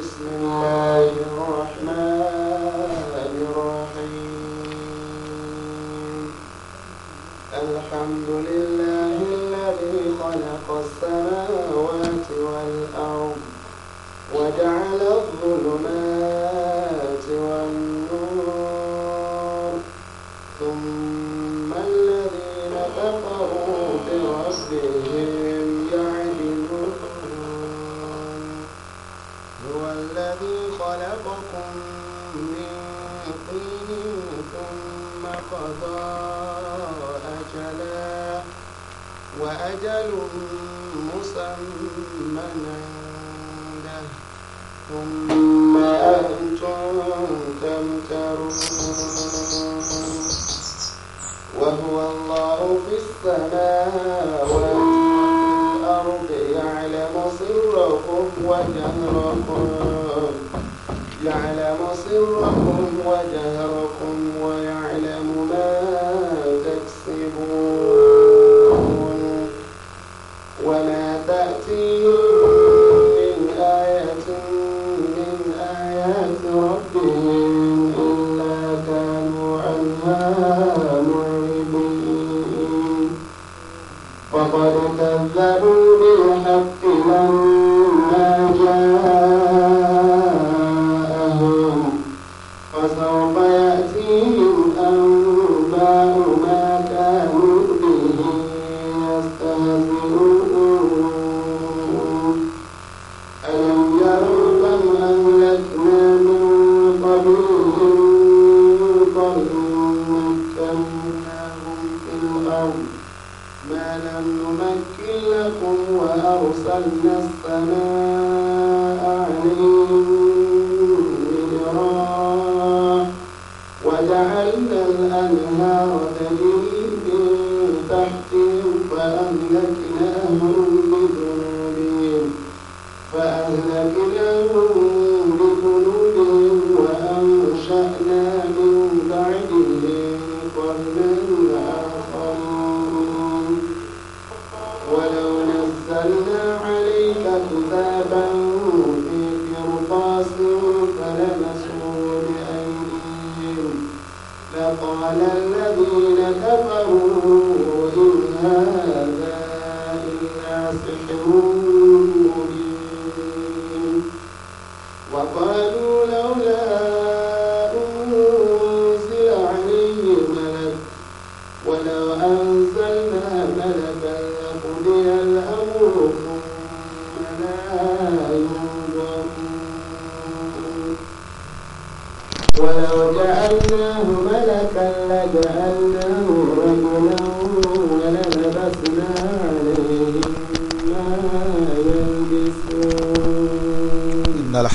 بسم الله الرحمن الرحيم الحمد لله الذي خلق السماوات والأرض وجعل الظلمات قضى أجلا وأجل مسمى له ثم أنتم تمترون وهو الله في السماوات والأرض يعلم سركم وجهركم يعلم سركم وجهركم ويعلم وما تأتيهم من آية من آيات ربهم إلا كانوا عنها معرضين فقد كذبوا وأرسلنا السماء عليهم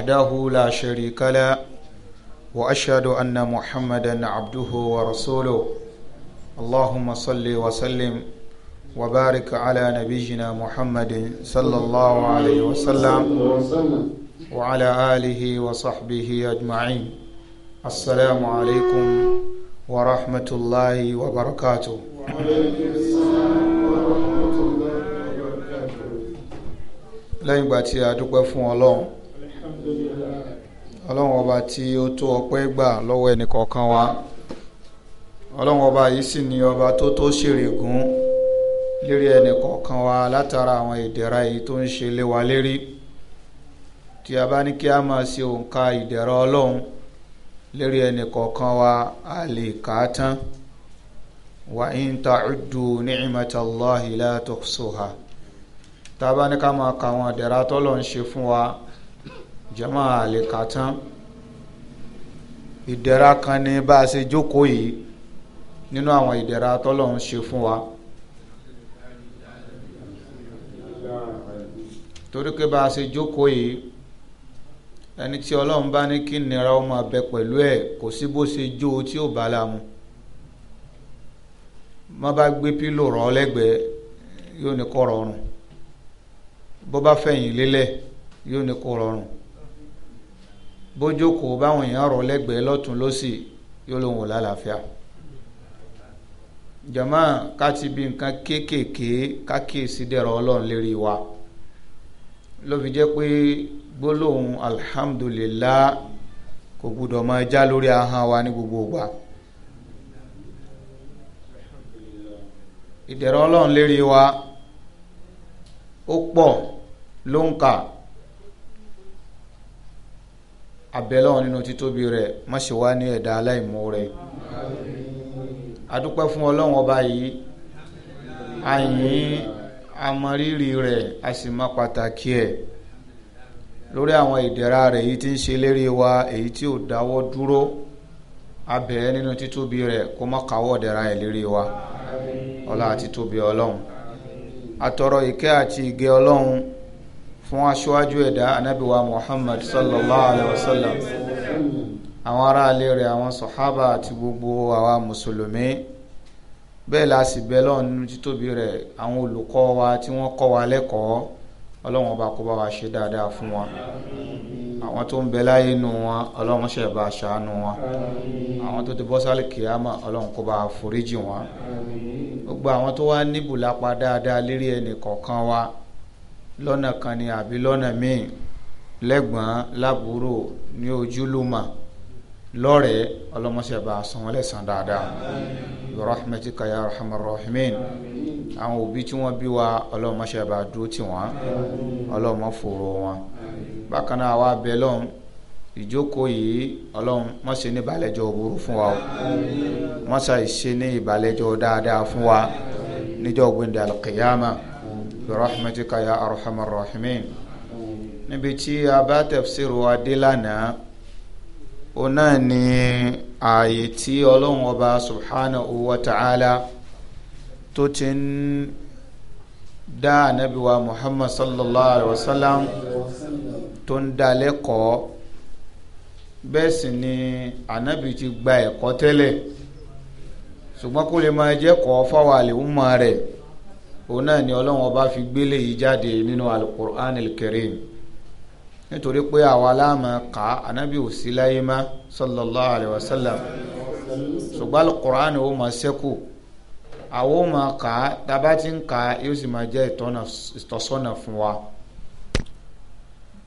وحده لا شريك له واشهد ان محمدا عبده ورسوله اللهم صل وسلم وبارك على نبينا محمد صلى الله عليه وسلم وعلى اله وصحبه اجمعين السلام عليكم ورحمه الله وبركاته وعليكم السلام ورحمه lẹ́yìn ìgbà tí a dúpẹ́ fún ọlọ́run ọba tí ó tó ọpẹ́ gbà lọ́wọ́ ẹnìkọ̀ọ̀kan wa ọlọ́run ọba yìí sì ni ọba tó tó ṣèrègùn lérí ẹnìkọ̀ọ̀kan wa látara àwọn ìdẹ̀ra èyí tó ń ṣe lé wa lérí tí a bá ní kí a máa ṣe òǹkà ìdẹ̀ra ọlọ́run lérí ẹnìkọ̀ọ̀kan wa a lè kà á tán wa in ta'uddu ni'matallahi la tuhsuha tá a bá ní ká máa kà àwọn ìdẹ̀ra tọ́lọ́run ṣe fún wa jàmáà a lè kà á tán ìdẹ̀ra kan ní bá a ṣe jókòó yìí nínú àwọn ìdẹ̀ra tọ́lọ́run ṣe fún wa torí pé bá a ṣe jókòó yìí ẹni tí ọlọ́run bá ní kí nira ọmọ abẹ pẹ̀lú ẹ̀ kò sí bó ṣe jó o tí ò bá la mu má bá gbé pílò rọ lẹ́gbẹ̀ẹ́ yóò ní kó rọrùn bó bá fẹ̀yìn lélẹ̀ yóò ní kó rọrùn bójókòó báwọn èèyàn rọ̀ lẹ́gbẹ̀ẹ́ lọ́tún lọ́sì yóò lóun wò lálàáfíà jama ká ti bi nǹkan kéékèèké ká kíyèsí dẹ̀rọ ọlọ́run lérí wa ló fi jẹ́ pé gbólóhùn alhamdulillah kò gbúdọ̀ máa já lórí ahọ́n wa ní gbogbo ìgbà ìdẹ̀rọ ọlọ́run lérí wa ó pọ̀ ló ń kà abẹ́lọ́wọ́n nínú títóbi rẹ̀ má ṣe wá ní ẹ̀dá aláìmoore adúpẹ́ fún ọlọ́run ọba yìí àyìn amọ̀rírì rẹ̀ a sì mọ pàtàkì ẹ̀ lórí àwọn ìdẹ̀ra rẹ̀ èyí tí ń ṣe lérí wa èyí tí ò dáwọ́ dúró abẹ́ nínú títóbi rẹ̀ kó má káwọ́ dẹ̀ra ẹ̀ lérí wa ọlá àti ọlọ́run atọrọ ìkẹ́ àti ìgẹ́ ọlọ́run fún aṣáájú ẹ̀dá anábìwá muhammad sallallahu alayhi wa sallam àwọn ará ilé rẹ̀ àwọn sọ̀hábà àti gbogbo àwa mùsùlùmí bẹ́ẹ̀ la sì bẹ lọ́run títóbi rẹ̀ àwọn olùkọ́ wa tí wọ́n kọ́ wa lẹ́kọ̀ọ́ ọlọ́run ọba kó bá wa ṣe dáadáa fún wa àwọn tó ń bẹ láyé nu wọn ọlọ́run ṣe bá ṣàánú wọn àwọn tó ti bọ́ sálẹ̀ kìámà ọlọ́run kó bá foríjì wọn gbogbo àwọn tó wá níbùlápa dáadáa lérí ẹnì kọ̀ọ̀kan wa lọ́nà kan ni àbí lọ́nà míì lẹ́gbọ̀n lábúrò ní ojúlùmọ̀ lọ́rẹ̀ẹ́ ọlọ́mọṣẹ́bà san wọ́n lẹ́san dáadáa bi rahmatika ya arhamar rahimin àwọn òbí tí wọ́n bí wa ọlọ́mọṣẹ́bà dúró tì wọ́n ọlọ́mọ fòrò wọn bákan náà wá bẹ lọ́hùn ìjókòó yìí ọlọ́run má ṣe ní ìbàlẹ́jọ́ burú fún wa o ṣe ní ìbàlẹ́jọ́ dáadáa fún wa níjọ́ gbẹ̀ndẹ̀ alqiyama. برحمتك يا أرحم الراحمين نبتي أبا تفسير ودلنا ona ni ààyè tí ọlọ́run ọba subhanahu wa ta'ala tó ti ń dá ànábìwa muhammad sallallahu alaihi wasallam tó ń dá lẹ́kọ̀ọ́ bẹ́ẹ̀ sì ni ànábì ti gba ẹ̀kọ́ tẹ́lẹ̀ ṣùgbọ́n kó lè máa jẹ́kọ̀ọ́ fáwọn àlè ń mọ rẹ̀ òun náà ni ọlọ́run ọba fi gbélé yìí jáde nínú alukur'an al-karim nítorí pé àwa láàmà ká anábì ò láyé má sallallahu alayhi wa sallam ṣùgbọ́n alukur'an ó máa ṣẹ́kù àwọn ó máa ká tábà ti ń ká yóò sì máa jẹ́ ìtọ́sọ́nà fún wa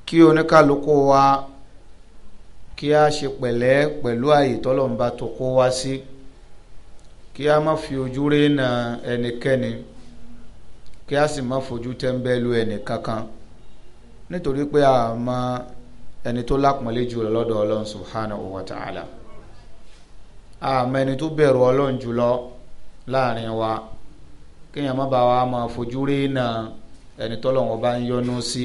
kí oníkálukú wa kí a ṣe pẹ̀lẹ́ pẹ̀lú àyè tọ́lọ́mùbá tó kó wá sí kí a má fi ojú rẹ̀ na ẹnikẹ́ni. E kí a sì má fojú tẹ́ńbẹ́lú ẹnì kankan nítorí pé a mọ ẹni tó lápọ̀nlé jùlọ lọ́dọ̀ ọlọ́run subhanahu wa ta'ala a mọ ẹni tó bẹ̀rù ọlọ́run jùlọ láàrin wa kéèyàn má bàa wa máa fojú rí náà ẹni tọ́lọ́run bá ń yọ́nú sí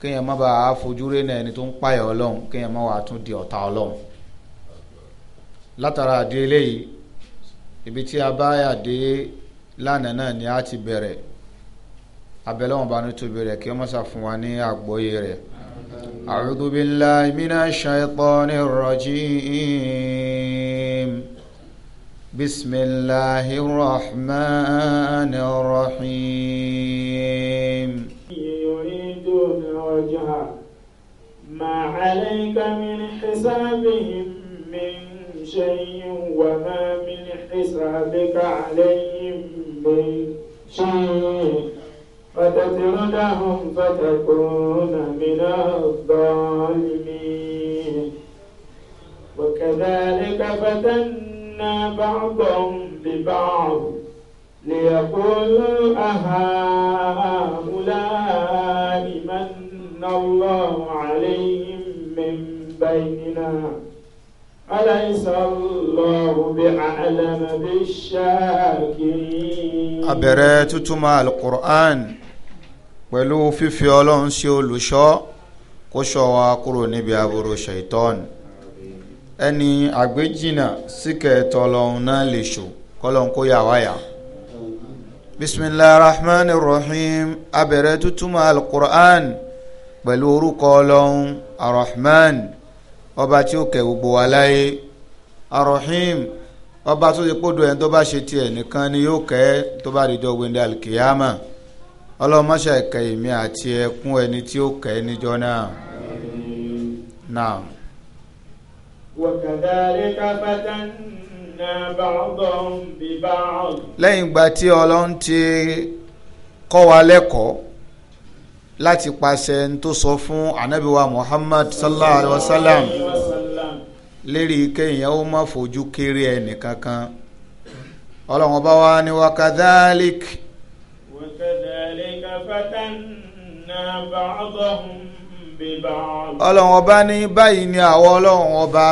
kéèyàn má bàa fojú rí náà ẹni tó ń pààyà ọlọ́run kéèyàn má wàá tún di ọ̀tá ọlọ́run látara àdé eléyìí ibi tí a bá yà dé lánàá náà ni a ti bẹ̀rẹ̀ abẹ́lẹ́ wọn bá ní tóbi rẹ̀ kí wọ́n mọ̀ sá fún wa ní àgbọ́yé rẹ̀. a'udhu billahi minash shaitani rrajim bismillahi rrahmani rrahim. yuriduna wajha ma alayka min hisabihim min shay'in wa ma min hisabika alayhim min shay'in. فتطردهم فتكون من الظالمين وكذلك فتنا بعضهم ببعض ليقولوا أهؤلاء من الله عليهم من بيننا أليس الله بأعلم بالشاكرين أبرات القرآن pẹ̀lú fífi ọlọ́run ṣe olùṣọ́ kó ṣọ́ wa kúrò níbi aburú ṣaitan ẹni àgbéjìnà síkẹ̀ẹ́tọ̀ ọlọ́run náà lè ṣò kọ́lọ́n kó yà wáyà. bisimilahi rahman rahim abẹ̀rẹ̀ tútùmọ̀ alukur'an pẹ̀lú orúkọ ọlọ́run arahman ọba tí ó kẹ́ gbogbo wa láyé arahim ọba tó ti kó do ẹni tó bá ṣe tiẹ̀ nìkan ni yóò kẹ́ tó bá rí jọ gbẹ̀ndẹ̀ alikiyama. ọlọ́mọṣẹ́ ẹ̀kẹ́ àti ẹkún ẹni tí ó kẹ́ níjọ́ náà. náà. wàkàdàríkà fatanna ba'dhum bi ba'd. lẹ́yìn ìgbà tí ọlọ́run ti kọ́ wa lẹ́kọ̀ọ́ láti pàṣẹ tó sọ fún anabiwa muhammad sallallahu alayhi wa sallam lérí ó má fojú kéré ẹnìkankan ọlọ́run ọlọ́run ọba ní báyìí ni àwọn ọlọ́run ọba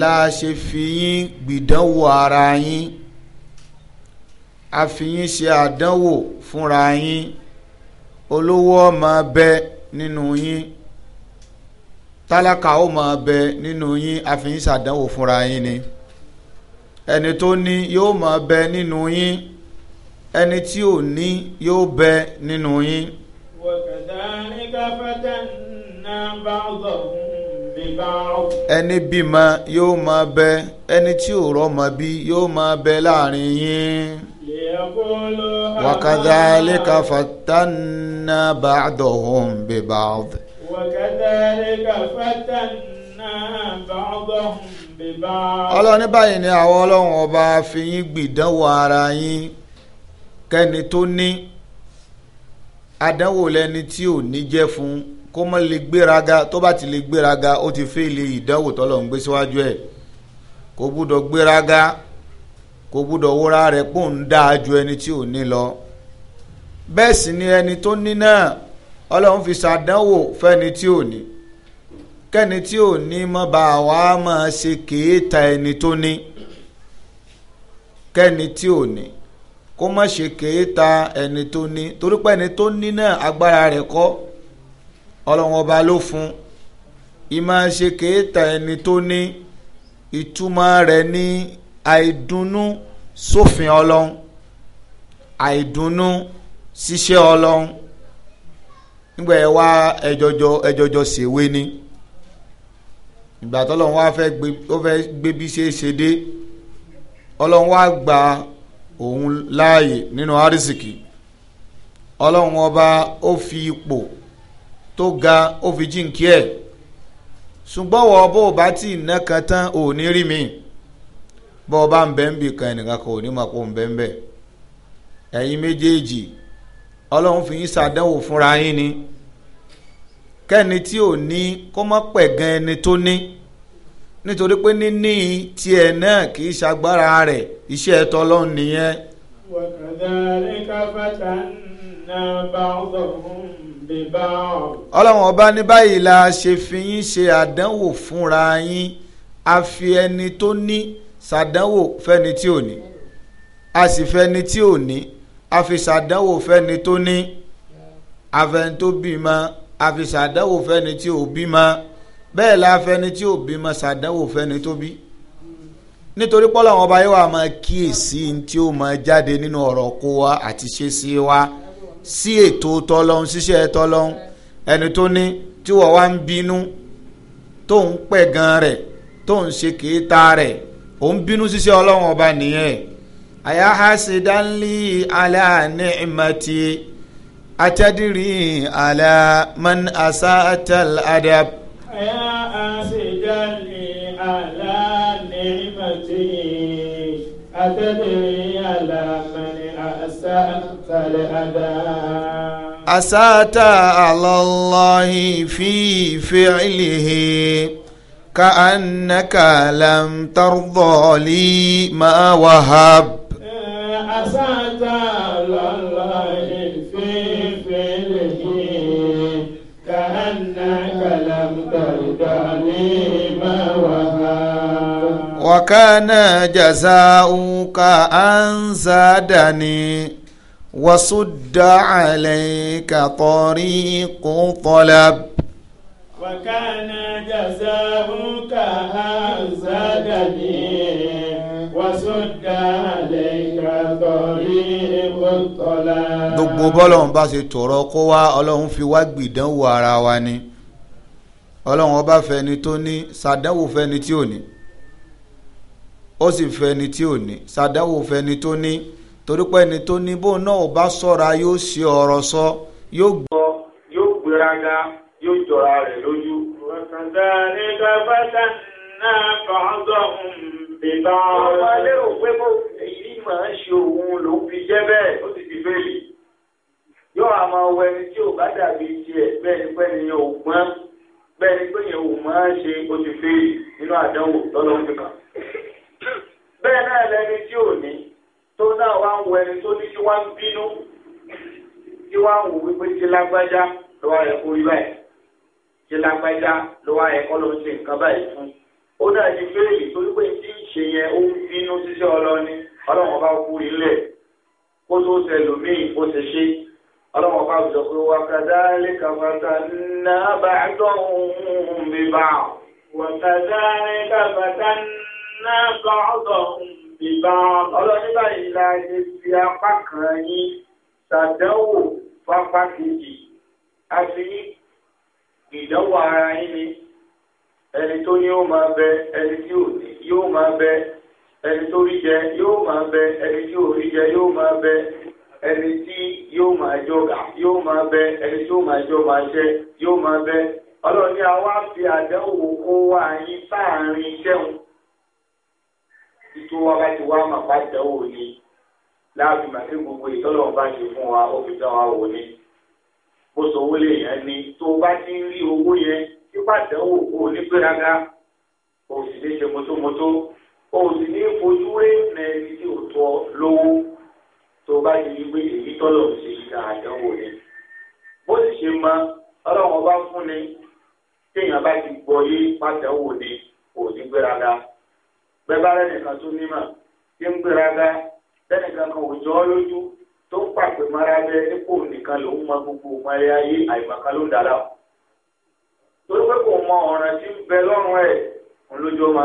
la ṣe fi yín gbìdánwò ara yín a fi yín ṣe àdánwò fúnra yín olówó ó máa bẹ nínú yín tálákà ó máa bẹ nínú yín a fi yín ṣàdánwò fúnra yín ni ẹni tó ní yóò máa bẹ nínú yín ẹni tí ò ní yóò bẹ nínú yín. wọ̀kẹ̀dáníkà fẹ́tẹ̀ ná ẹni bímọ yóò máa bẹ ẹni tí ò rọmọ bí yóò máa bẹ láàrin yín. wàkàdálíkà fàtánà bàdọ̀hún bíbáàdì. wàkàdálíkà fàtánà ọlọ́ni báyìí ni àwọn ọlọ́run ọba fi yín gbìdánwò ara yín kẹ́ni tó ní àdánwò lẹni tí ò ní jẹ́ fún kó mọ́ lè gbéraga tó bá ti lè gbéraga ó ti fẹ́ẹ̀lì ìdánwò tọ́lọ̀ ń gbé síwájú ẹ̀ kò gbúdọ̀ gbéraga kò gbúdọ̀ wúra rẹ̀ pò ń dáa ju ẹni tí ò ní lọ bẹ́ẹ̀ sì ni ẹni tó ní náà ọlọ́run fi ṣàdánwò fẹ́ni tí ò ní kẹ́ni tí ò ní mọ́ bá wa máa ṣe kéèta ẹni tó ní kẹ́ni tí ò ní kó má ṣe kéèta ẹni tó ní torí pé ẹni tó ní náà agbára rẹ̀ kọ́ ọlọ́run ọba ló fún ìmọ̀ ṣe kéèta ẹni tó ní ìtumọ̀ rẹ̀ ní àìdùnnú sófin ọlọ́run àìdùnnú ṣiṣẹ́ ọlọ́run nígbà ẹ wá ẹjọjọ ẹjọjọ ṣèwé ni ìgbà tọ́lọ́run wá fẹ́ gbé bí ṣe ṣe dé ọlọ́run wá gbà á òun láàyè nínú arísìkì ọlọ́run ọba ó fi ipò tó ga ó fi jíǹkí ẹ̀ ṣùgbọ́n wọ́n bó o bá tì ná kan tán ò ní rí mi bó o bá ń bẹ́ ń bì kan ẹnìkan kan ní mọ̀ kó ń bẹ́ ń bẹ̀ ẹ̀yin méjèèjì ọlọ́run fi yín ṣàdánwò fúnra yín ni kẹ́ni tí ò ní kó mọ́ pẹ̀gàn ẹni tó ní. nítorí pé níní tiẹ̀ náà kì í ṣagbára rẹ̀ iṣẹ́ tọ́lọ́run nìyẹn. wakadhalika fatanna ba'dahum bi ba'd. ọlọ́run ọba ní báyìí la ṣe fi yín ṣe àdánwò fúnra yín a fi ẹni tó ní ṣàdánwò fẹ́ni tí ò ní a sì fẹ́ni tí ò ní a fi ṣàdánwò fẹ́ni tó ní àfẹn tó bímọ a fi ṣàdánwò fẹ́ni tí ò bímọ bẹ́ẹ̀ la fẹni tí ò bímọ ṣàdánwò fẹni tó bí nítorí pọ́lọ́ àwọn ọba yóò wá máa kíyèsí tí ó máa jáde nínú ọ̀rọ̀ kó wa àti ṣe sí wa sí ètò tọ́lọ́hún ṣiṣẹ́ tọ́lọ́hún ẹni tó ní tí wọ́n wá ń bínú tó ń pẹ̀ gan rẹ̀ tó ń ṣe kéétà rẹ̀ ó ń bínú ṣiṣẹ́ ọlọ́run ọba nìyẹn àyà hasidanli ala ni'mati atadiri ala man asatal adab. يا أسجا على نعمتي أتدري على من أسأت لأداء أسات على الله في فعله كأنك لم ترضى لي ما وهب أسات على الله وكان جزاؤك أن زادني وصد عليك طريق طلب وكان جزاؤك أن زادني وصد عليك طريق طلب gbogbo bọ́lọ̀ ń bá ṣe tọ̀rọ̀ kó wá ọlọ́run ọba fẹni tó ní sàdáwò fẹni tí ò ní ó sì fẹni tí ò ní sàdáwò fẹni tó ní torí pé ẹni tó ní bóun náà ò bá sọ́ra yóò ṣe ọ̀rọ̀ sọ yóò gbọ́ yóò gbéraga yóò jọra rẹ̀ lójú. wàkàtàlẹ́ gbàgbọ́dá náà fàájọ́ bèbá ọ̀rọ̀. wọ́n lérò pé bó èyí máa ń ṣe òun lòún fi jẹ́ bẹ́ẹ̀ ó sì ti bẹ́ẹ̀ yóò àmọ́ wẹni tí ò bá dàbí tiẹ̀ bẹ́ẹ̀ ni pẹ́ni yóò bẹ́ẹ̀ ni pé yẹn ò máa ṣe o ti fi nínú àdánwò lọ́lọ́run nìkan. bẹ́ẹ̀ náà lẹni tí ò ní tó náà wá ń wọ ẹni tó ní tí wọ́n ń bínú tí wọ́n ń wò wípé ti lágbájá ló wá yẹ kó rí báyìí ti lágbájá ló wá yẹ kó ló ń ṣe nǹkan báyìí fún. ó náà ti fẹ́ẹ̀lì torí pé tí ń ṣe yẹn ó ń bínú síṣẹ́ ọlọ́ni ọlọ́run ọba kú ilẹ̀ kó tó ṣẹlòmíì ó ṣe ṣe ọlọ́wọ́ bá sọ pé wà kadhalika fatanna ba'dahum bi ba'd. wà kadhalika fatanna ba'dahum bi ba'd. ọlọ́ní báyìí la ṣe fi apá kan yín ṣàdánwò pápá kejì a fi ìdánwò ara yín ni ẹni tó ní ó máa bẹ ẹni tí ò ní yóò máa bẹ ẹni tó rí jẹ yóò máa bẹ ẹni tí ò rí jẹ yóò máa bẹ. ẹni tí yóò máa jọgà yóò máa bẹ ẹni tí yóò máa jọ máa ṣe yóò máa bẹ ọlọ́run ní àwa fi àdánwò kó wá yín sáàárín iṣẹ́hun títí wọ́n bá ti wá máa bá ni láàfin màtí gbogbo ìtọ́lọ́run bá ṣe fún wa ó fi wa wò ni bó so owó lè yẹn ni tó bá ti ń rí owó yẹn tí bá kó o ní gbéraga o sì ní ṣe o sì ní fojú wé nà ẹni tí tó bá ti rí pé èyí tọ́lọ̀ ń ṣe ìdá àdánwò ni bó sì ṣe mọ ọlọ́run ọba fún ni téèyàn bá ti gbọ́ yé pàdánwò ni kò ní gbéraga tó nímọ̀ tí ń gbéraga lẹ́nìkan kan ò jọ ọ́ lójú tó ń mara bẹ́ẹ̀ nípò nìkan ló ń mọ gbogbo ayé torí pé kò mọ ọ̀ràn tí ń bẹ lọ́rùn ẹ̀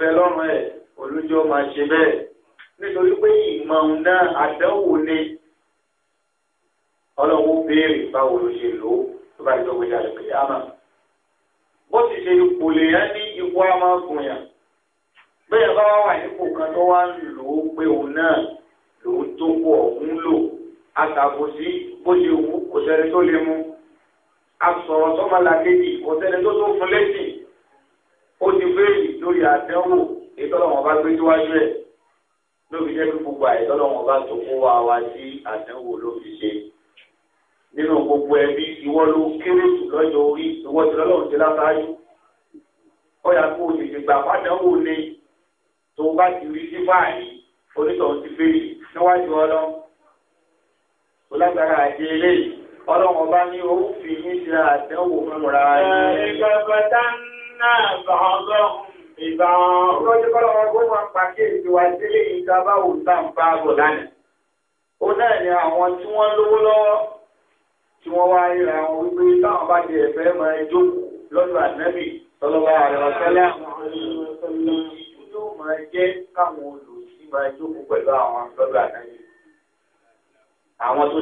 bẹ lọ́rùn ẹ̀ olójú nítorí pé ìmọ̀ náà àdánwò ni ọlọ́wọ́ béèrè báwo ló ṣe lò ó tó bá jọ gbéjà lókè àmà bó sì ṣe ipò lè yẹn ní ipò àmà gùnyàn bẹ́ẹ̀ bá wà wà nípò kan tó wá ń lò ó pé òun náà lòun tó kọ òun lò àtàkùsí bó ṣe wù kò sẹ́ni tó lè mú asọ̀rọ̀ sọ́mọlàkejì kò sẹ́ni tó tó fún lẹ́sìn ó ti béèrè lórí àdánwò ètò bá gbé síwájú ẹ̀ lóbi jẹ́ pé gbogbo àìsàn lọ́wọ́ bá tó kó wa wá sí àdánwò ló fi ṣe nínú gbogbo ẹbí ìwọ ló kéré jù lọ́jọ́ orí ìwọ ti lọ́lọ́run ti lásáájú ọ̀yà kó o tètè gbà fádánwò ni tó o bá ti rí sí báyìí onítọ̀hún ti fèrè níwájú ọlọ́run kò lágbára àti eléyìí ọlọ́run ọba ní owó fi yín àdánwò fúnra rẹ̀. ẹ̀ẹ́dẹ́gbẹ̀ta náà bàbá ọlọ́run ìbáwọn. Lọ́jọ́ kọ́ lọ́wọ́ gbọ́dọ̀ máa pàṣẹ ìjọba ìdílé yìí ká bá wò tá à ń bá bọ̀ lánàá. Ó náà ni àwọn tí wọ́n lówó lọ́wọ́ tí wọ́n wá ríra wọn wípé táwọn bá di ẹ̀fẹ́ máa jókòó lọ́dọ̀ ànábì tọ́lọ́wọ́ àrẹ̀wọ̀sẹ́lẹ̀ tó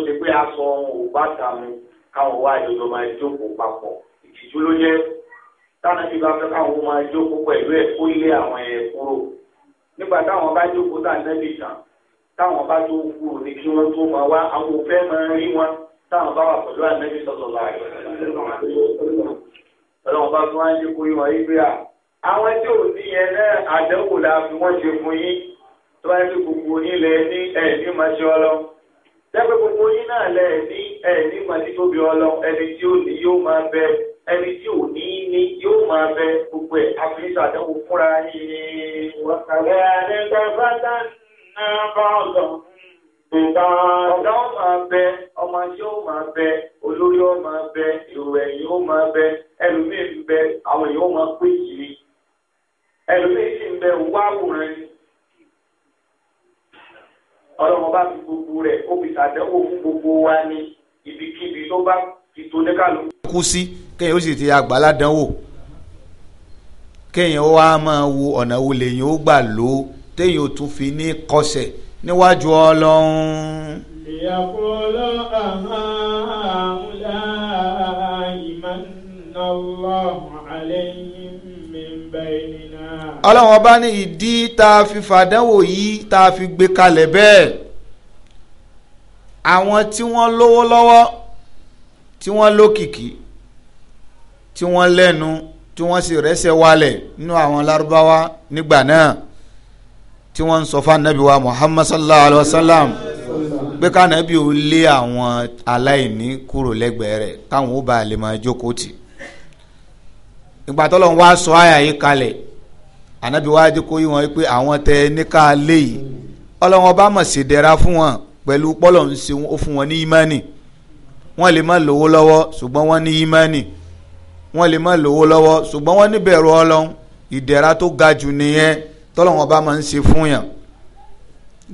ṣe pé aṣọ wọn ò bá tàmù káwọn wá ìjọba máa jókòó papọ̀ ìtìjú ló jẹ́ táwọn ẹbí bá fẹ́ káwọn ó máa jókòó pẹ̀lú ẹ̀ kó lé àwọn ẹ̀ kúrò nígbà táwọn bá jókòó tà nẹ́bí tán táwọn bá tó kúrò ní kí wọ́n tó máa wá àwọn òfẹ́ máa rí wọn táwọn bá wà pẹ̀lú ànẹ́bí sọ̀tọ̀ láàyè ọlọ́run bá tún á ń yí kó yí wọn yí pé à àwọn tí ò sí yẹn náà àdẹ́wò la fi wọ́n ṣe fún yín tó bá yẹ gbogbo yín lẹ ní ẹ̀ẹ́dì máa ṣe jẹ́ pé gbogbo yín náà lẹ ní ẹ̀ẹ́dì máa tóbi ọlọ́ ẹni tí ó ní yóò máa bẹ́ẹ̀ ẹni tí ò ní ní yóò máa bẹ gbogbo ẹ̀ àfihàn àdánwò fúnra yìí. wàkàlẹ́ àdéhùn bàtà náà bá ọ̀dọ̀ ìgbà ọ̀dọ́ máa bẹ ọmọ ṣé ó máa bẹ olórí ó máa bẹ èrò máa bẹ ẹlòmíì ń bẹ àwọn èèyàn máa pé yìí ẹlòmíì sì ń bẹ wá àwòrán ni fi gbogbo rẹ̀ ó fi ṣàdánwò fún gbogbo wa ní ibikíbi tó bá fi tó ní kálukú. kú sí kéèyàn ó sì ti àgbàládánwò kéèyàn ó wá máa wo ọ̀nà wo lèyìn ó gbà lò ó téèyàn ó tún fi ní kọsẹ̀ níwájú ọlọ́run. ìyàkùnlọ àmọ́ àmúlá ìmọ̀nàlọ́hùn àlẹ́yìn mẹ́mbẹ́ẹ́nìnà. ọlọ́run ọba ní ìdí tá a fi fàdánwò yìí tá a fi gbé kalẹ̀ bẹ́ẹ̀ àwọn tí wọ́n lówó lọ́wọ́ tí wọ́n lókìkí. Lo tí wọ́n lẹ́nu tí wọ́n sì rẹ́sẹ̀ wálẹ̀ nínú àwọn lárúbáwá nígbà náà tí wọ́n ń sọ fún anabi muhammad sallallahu alayhi wa sallam pé kánabi ò lé àwọn aláìní kúrò lẹ́gbẹ̀ẹ́ rẹ̀ káwọn ó ba lè máa jókòó tì ìgbà tó lọ́n wá sọ àyà yìí kalẹ̀ anabi wa dé kó yí wọn pé àwọn tẹ níka léyìí ọlọ́wọ́n bá mọ̀ sí dẹ̀ra fún wọn pẹ̀lú pọ́lọ̀ ń ṣe ó fún wọn ní ìmánì wọ́n lè má lówó lọ́wọ́ ṣùgbọ́n wọ́n ní ìmánì wọ́n lè má lówó lọ́wọ́ ṣùgbọ́n wọ́n níbẹ̀rù ọlọ́run ìdẹ̀ra tó ga jù nìyẹn tọ́lọ́wọ́n bá máa ń ṣe fún yàn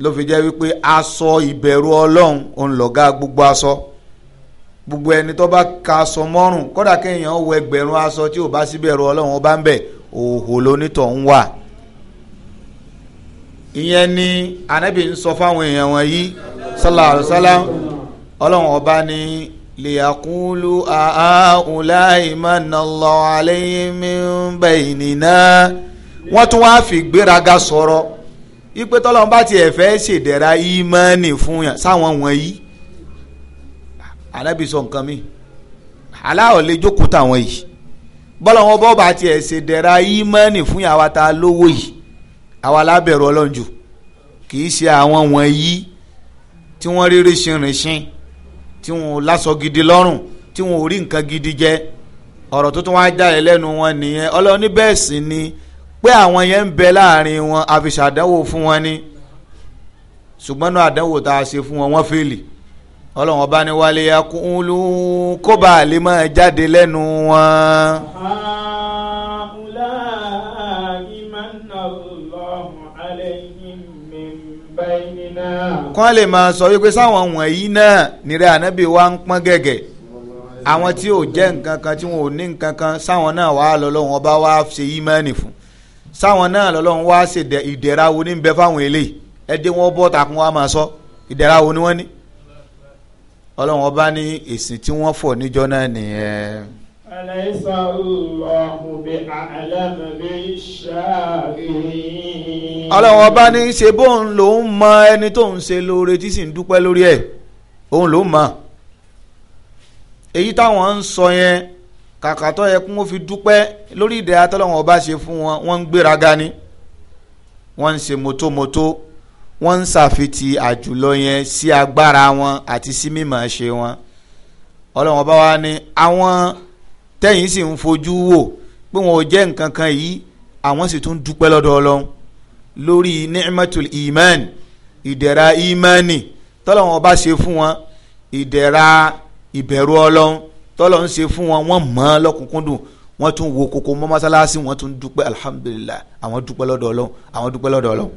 ló fi jẹ́ wípé aṣọ ìbẹ̀rù ọlọ́run òun lọ̀gá gbogbo aṣọ gbogbo ẹni tó bá ka aṣọ mọ́rùn kódà kéèyàn wọ ẹgbẹ̀rún aṣọ tí ò bá síbẹ̀rù ọlọ́run ó ń bẹ̀ òhò lónítọ̀ ń wà ìyẹn ni anabi ń sọ fáwọn èèyàn wọ̀nyí sallallahu alaihi wasallam ọlọ́run ọba ní ليقولوا أهؤلاء من الله عليهم من بيننا wọ́n tún wáá fi ìgbéraga sọ̀rọ̀ ipe tọ́lọ́run bá tiẹ̀ fẹ́ ṣèdẹ̀ra ìmọ̀ọ́nì fún yàn sáwọn wọ̀nyí alábì sọ nǹkan mi aláwọ̀ lè jókòó táwọn yìí bọ́lọ́wọ́n bọ́ bá tiẹ̀ ṣèdẹ̀ra ìmọ̀ọ́nì fún yàn àwa ta lówó yìí àwa lábẹ̀rù ọlọ́run kì í ṣe àwọn wọ̀nyí tí wọ́n rí rí ṣinrìnṣin tí wọn ò gidi lọ́rùn tí wọn ò rí nǹkan gidi jẹ ọ̀rọ̀ tó tún wá jáde lẹ́nu wọn nìyẹn ọlọ́run ní bẹ́ẹ̀ sì ni pé àwọn yẹn ń bẹ láàrin wọn àfìṣàdánwò fún wọn ni ṣùgbọ́n náà àdánwò tá a ṣe fún wọn wọ́n fèlì ọlọ́run ọba ni wálé akúnlù kó bàa lè máa jáde lẹ́nu wọn. kọ́ lè máa sọ wípé sáwọn wọ̀nyí náà nírẹ́ ànábì wa ń pọ́n gẹ̀gẹ̀ àwọn tí ò jẹ́ nǹkan kan tí wọn ò ní nǹkan kan sáwọn náà wàá lọ́lọ́run ọba wa ṣe ímánì fún sáwọn náà lọ́lọ́run wa ṣe ìdẹ̀ra wo ní bẹ fáwọn eléyìí ẹ dé wọn bọ́ takun wa máa sọ ìdẹ̀ra ni wọ́n ní ọlọ́wọ́n ọba ní èsì tí wọ́n fọ̀ níjọ́ náà nìyẹn. أليس الله بأعلم بالشاكرين ọlọ́run ọba ní í ṣe bóun lòún mọ ẹni tó ń ṣe lóore tí sì ń dúpẹ́ lórí ẹ̀ òun lòún mọ̀ èyí táwọn ń sọ yẹn kàkà tó yẹ kó wọ́n fi dúpẹ́ lórí ìdẹ́ atọ́lọ́run ọba ṣe fún wọn wọ́n ń gbéraga ni wọ́n ń ṣe mọ́tómọ́tó wọ́n ń ṣàfitì àjùlọ yẹn sí agbára wọn àti sí mímọ̀ ṣe wọn ọlọ́run ọba wa ní àwọn tẹ́yìn sì ń fojú wò pé wọn ò jẹ́ nǹkan kan yìí àwọn sì tún dúpẹ́ lọ́dọ̀ ọlọ́run lórí ni'matul iman ìdẹ̀ra imani tọ́lọ́wọ́n bá ṣe fún wọn ìdẹ̀ra ìbẹ̀rù ọlọ́run tọ́lọ́ ń ṣe fún wọn wọ́n mọ̀ ọ́n lọ́kùnkúndùn wọ́n tún wo koko mọ́ mọ́sálásí wọ́n tún dúpẹ́ alhamdulillah àwọn dúpẹ́ lọ́dọ̀ ọlọ́run àwọn dúpẹ́ lọ́dọ̀ ọlọ́run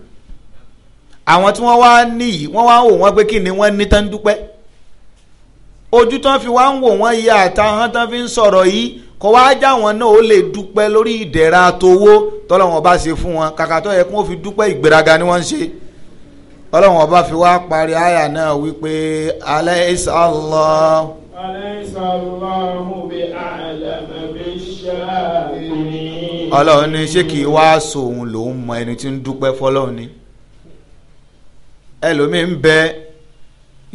àwọn tí wọ́n wá níyì wọ́n wá wò wọ́n pé kí ni wọ́n ní tán dúpẹ́ ojú tán fi wá ń wò wọ́n yìí àtàwọn tán fi ń sọ̀rọ̀ yìí kó wá já wọn náà ó lè dúpẹ́ lórí ìdẹ̀ra àtowó tọ́lọ́wọ́n bá ṣe fún wọn kàkà tó yẹ kí wọ́n fi dúpẹ́ ìgbéraga ni wọ́n ń ṣe ọlọ́wọ́n bá fi wá parí àyà náà wípé alaysa Allah. alaysa Allahu bi a'lama bish-shakirin. ọlọ́run ní ṣé kì í wá sóun lòún mọ ẹni tí ń dúpẹ́ fọlọ́run ni ẹlòmíín bẹ́ẹ̀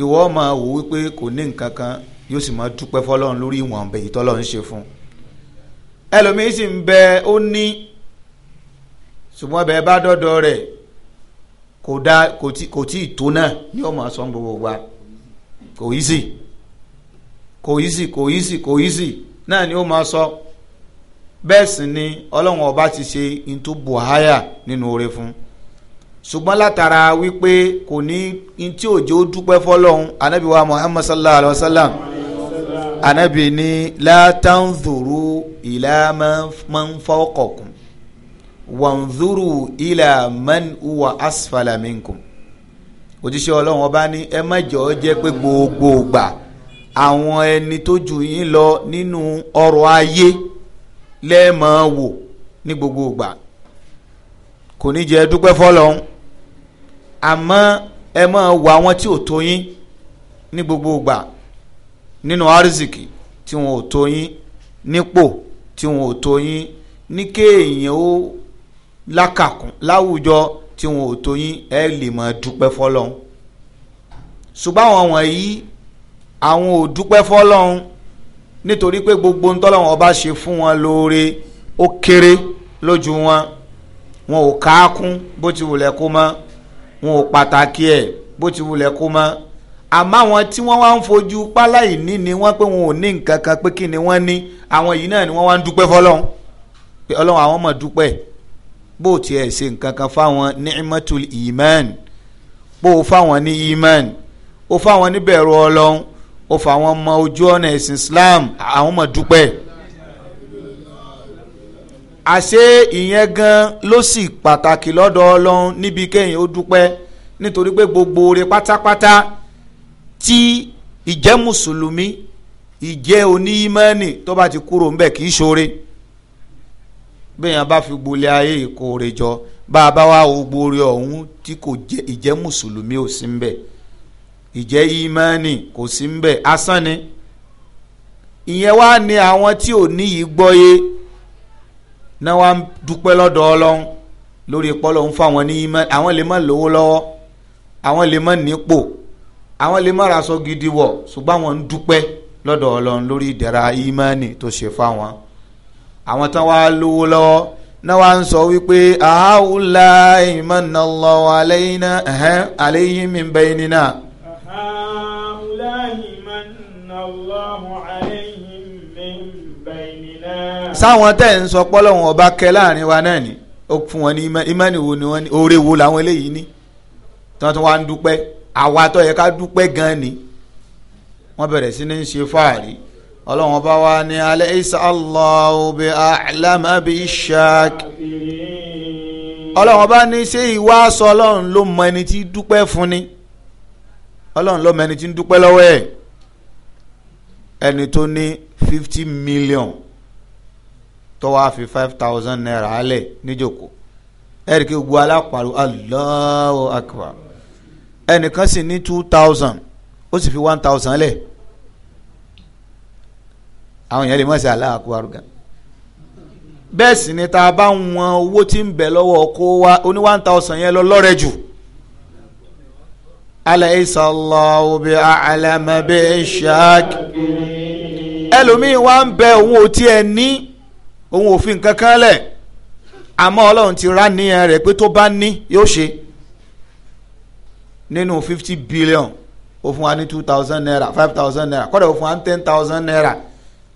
ìwọ máa wò wípé kò ní nǹkan kan yóò sì máa dúpẹ́ fọlọ́run lórí ìwọ̀n bẹ̀yì tọ́lọ́run ṣe fún un ẹlòmíín sì ń bẹ ó ní ṣùgbọ́n bẹ́ẹ̀ bá dọ́dọ̀ rẹ̀ kò dá kò tí ì tó náà ní ọmọ gbogbo wa kò yí sí kò yí sí kò ni ó máa sọ bẹ́ẹ̀ ni ọlọ́run ọba ti ṣe ní tó nínú fún ṣùgbọ́n látara wípé kò ní in tí òjò dúpẹ́ fọlọ́hún anabi wa muhammad sallallahu alayhi wa sallam anabi ni látàǹdùrú ìlà man fawqakum wàǹdùrú ìlà man huwa asfala minkum òjíṣẹ́ ọlọ́run ọba ní ẹ má jọ̀ọ́ jẹ́ pé gbogbo ìgbà àwọn ẹni tó jù yín lọ nínú ọrọ̀ ayé lẹ́ẹ̀mọ́ wò ní gbogbo ìgbà kò ní jẹ́ dúpẹ́ fọlọ́hún àmọ́ ẹ máa wọ àwọn tí ò tó yín ní gbogbo ìgbà nínú arziki tí wọn ò tó yín nípò tí wọn ò tó yín ní kéèyàn ó lákàkún láwùjọ tí wọn ò tó yín ẹ lè máa dúpẹ́ fọlọ́hún ṣùgbọ́n àwọn wọ̀nyí àwọn ò dúpẹ́ fọlọ́hún nítorí pé gbogbo ń tọ́lọ́hún ọba ṣe fún wọn lóore ó kéré lójú wọn wọn ò káàkún bó ti wùlẹ̀ kó mọ́ wọn ò pàtàkì ẹ̀ bó ti wulẹ̀ kó mọ́ àmọ́ àwọn tí wọ́n wá ń fojú pálá ìní ni wọ́n pé wọn ò ní nǹkan kan pé kí ni wọ́n ní àwọn yìí náà ni wọ́n wá ń dúpẹ́ fọlọ́run pé ọlọ́run àwọn mọ̀ dúpẹ́ bó tiẹ̀ ṣe nǹkan kan fáwọn ni'matul iman bó o fáwọn ní iman o fáwọn níbẹ̀rù ọlọ́run o fáwọn mọ ojú ọ̀nà ẹ̀sìn Islam àwọn mọ̀ dúpẹ́ àṣé ìyẹn gan ló sì pàtàkì lọ́dọ̀ ọlọ́run níbi kéèyàn ó dúpẹ́ nítorí pé gbogbo oore pátápátá tí ìjẹ́ mùsùlùmí ìjẹ́ onímọ́ọ̀nì tó bá ti kúrò ńbẹ̀ kì í ṣoore bẹ́ẹ̀yàn bá fi gbolẹ̀ ayé ìkóore jọ bá a bá wá gbogbo oore ọ̀hún tí kò jẹ́ ìjẹ́ mùsùlùmí ò sí ńbẹ̀ ìjẹ́ ìmọ́ọ̀nì kò sí ńbẹ̀ asán ni ìyẹn wá ní àwọn tí ò ní gbọ́yé náà wá ń dúpẹ́ lọ́dọ̀ ọlọ́run lórí pọ́lọ́ ń fáwọn ní ìmọ̀ àwọn lè má lówó lọ́wọ́ àwọn lè má nípò àwọn lè má raṣọ gidi wọ̀ ṣùgbọ́n àwọn ń dúpẹ́ lọ́dọ̀ ọlọ́run lórí ìdẹ̀ra ìmọ̀ọ́nì tó ṣe fáwọn àwọn tán wá lówó lọ́wọ́ náà wá ń sọ wípé àhàwùlà ìmọ̀nàlọ́ àlẹ́yìnà ẹ̀hẹ́n àlẹ́yìn mi bẹ́ẹ̀ nínà. àhàwùlà ìmọ̀nàlọ́ àlẹ́yìn sáwọn tẹ̀ ń sọ pọ́lọ́hún ọba kẹ́ láàrin wa náà ni ó fún wọn ní ìmánì wo ni wọ́n ní oore wo làwọn eléyìí ní tí wọ́n tún wá ń dúpẹ́ àwa tó yẹ ká dúpẹ́ gan ni wọ́n bẹ̀rẹ̀ sí ní ṣe fáàrí ọlọ́run ọba wa ní alaysa Allahu bi a'lama bi shaki ọlọ́run ní ṣé ìwà aṣọ ọlọ́run ló mọ ẹni tí dúpẹ́ fún ni ọlọ́run ló mọ ẹni tí dúpẹ́ lọ́wọ́ ẹ̀ ẹni tó ní fifty million tó wá fi five naira alẹ̀ níjòkó ẹ̀rí kí gbogbo alápàrọ̀ Allahu akbar ẹnìkan sì ní two thousand ó sì fi one thousand lẹ̀ àwọn yẹn lè mọ̀ sí Allahu akbar gan bẹ́ẹ̀ sì ni tá a bá wọn owó tí ń lọ́wọ́ kó wá oní one thousand yẹn lọ lọ́rẹ̀ jù bi a'lama bi ẹlòmíín wá ń bẹ òun òun ò fi nǹkan kan lẹ̀ àmọ́ ọlọ́run ti rá níyàn rẹ̀ pé tó bá ní yóò ṣe nínú fifty billion ó fún wa ní two thousand naira five thousand naira kọ́dà ó fún wa ní ten thousand naira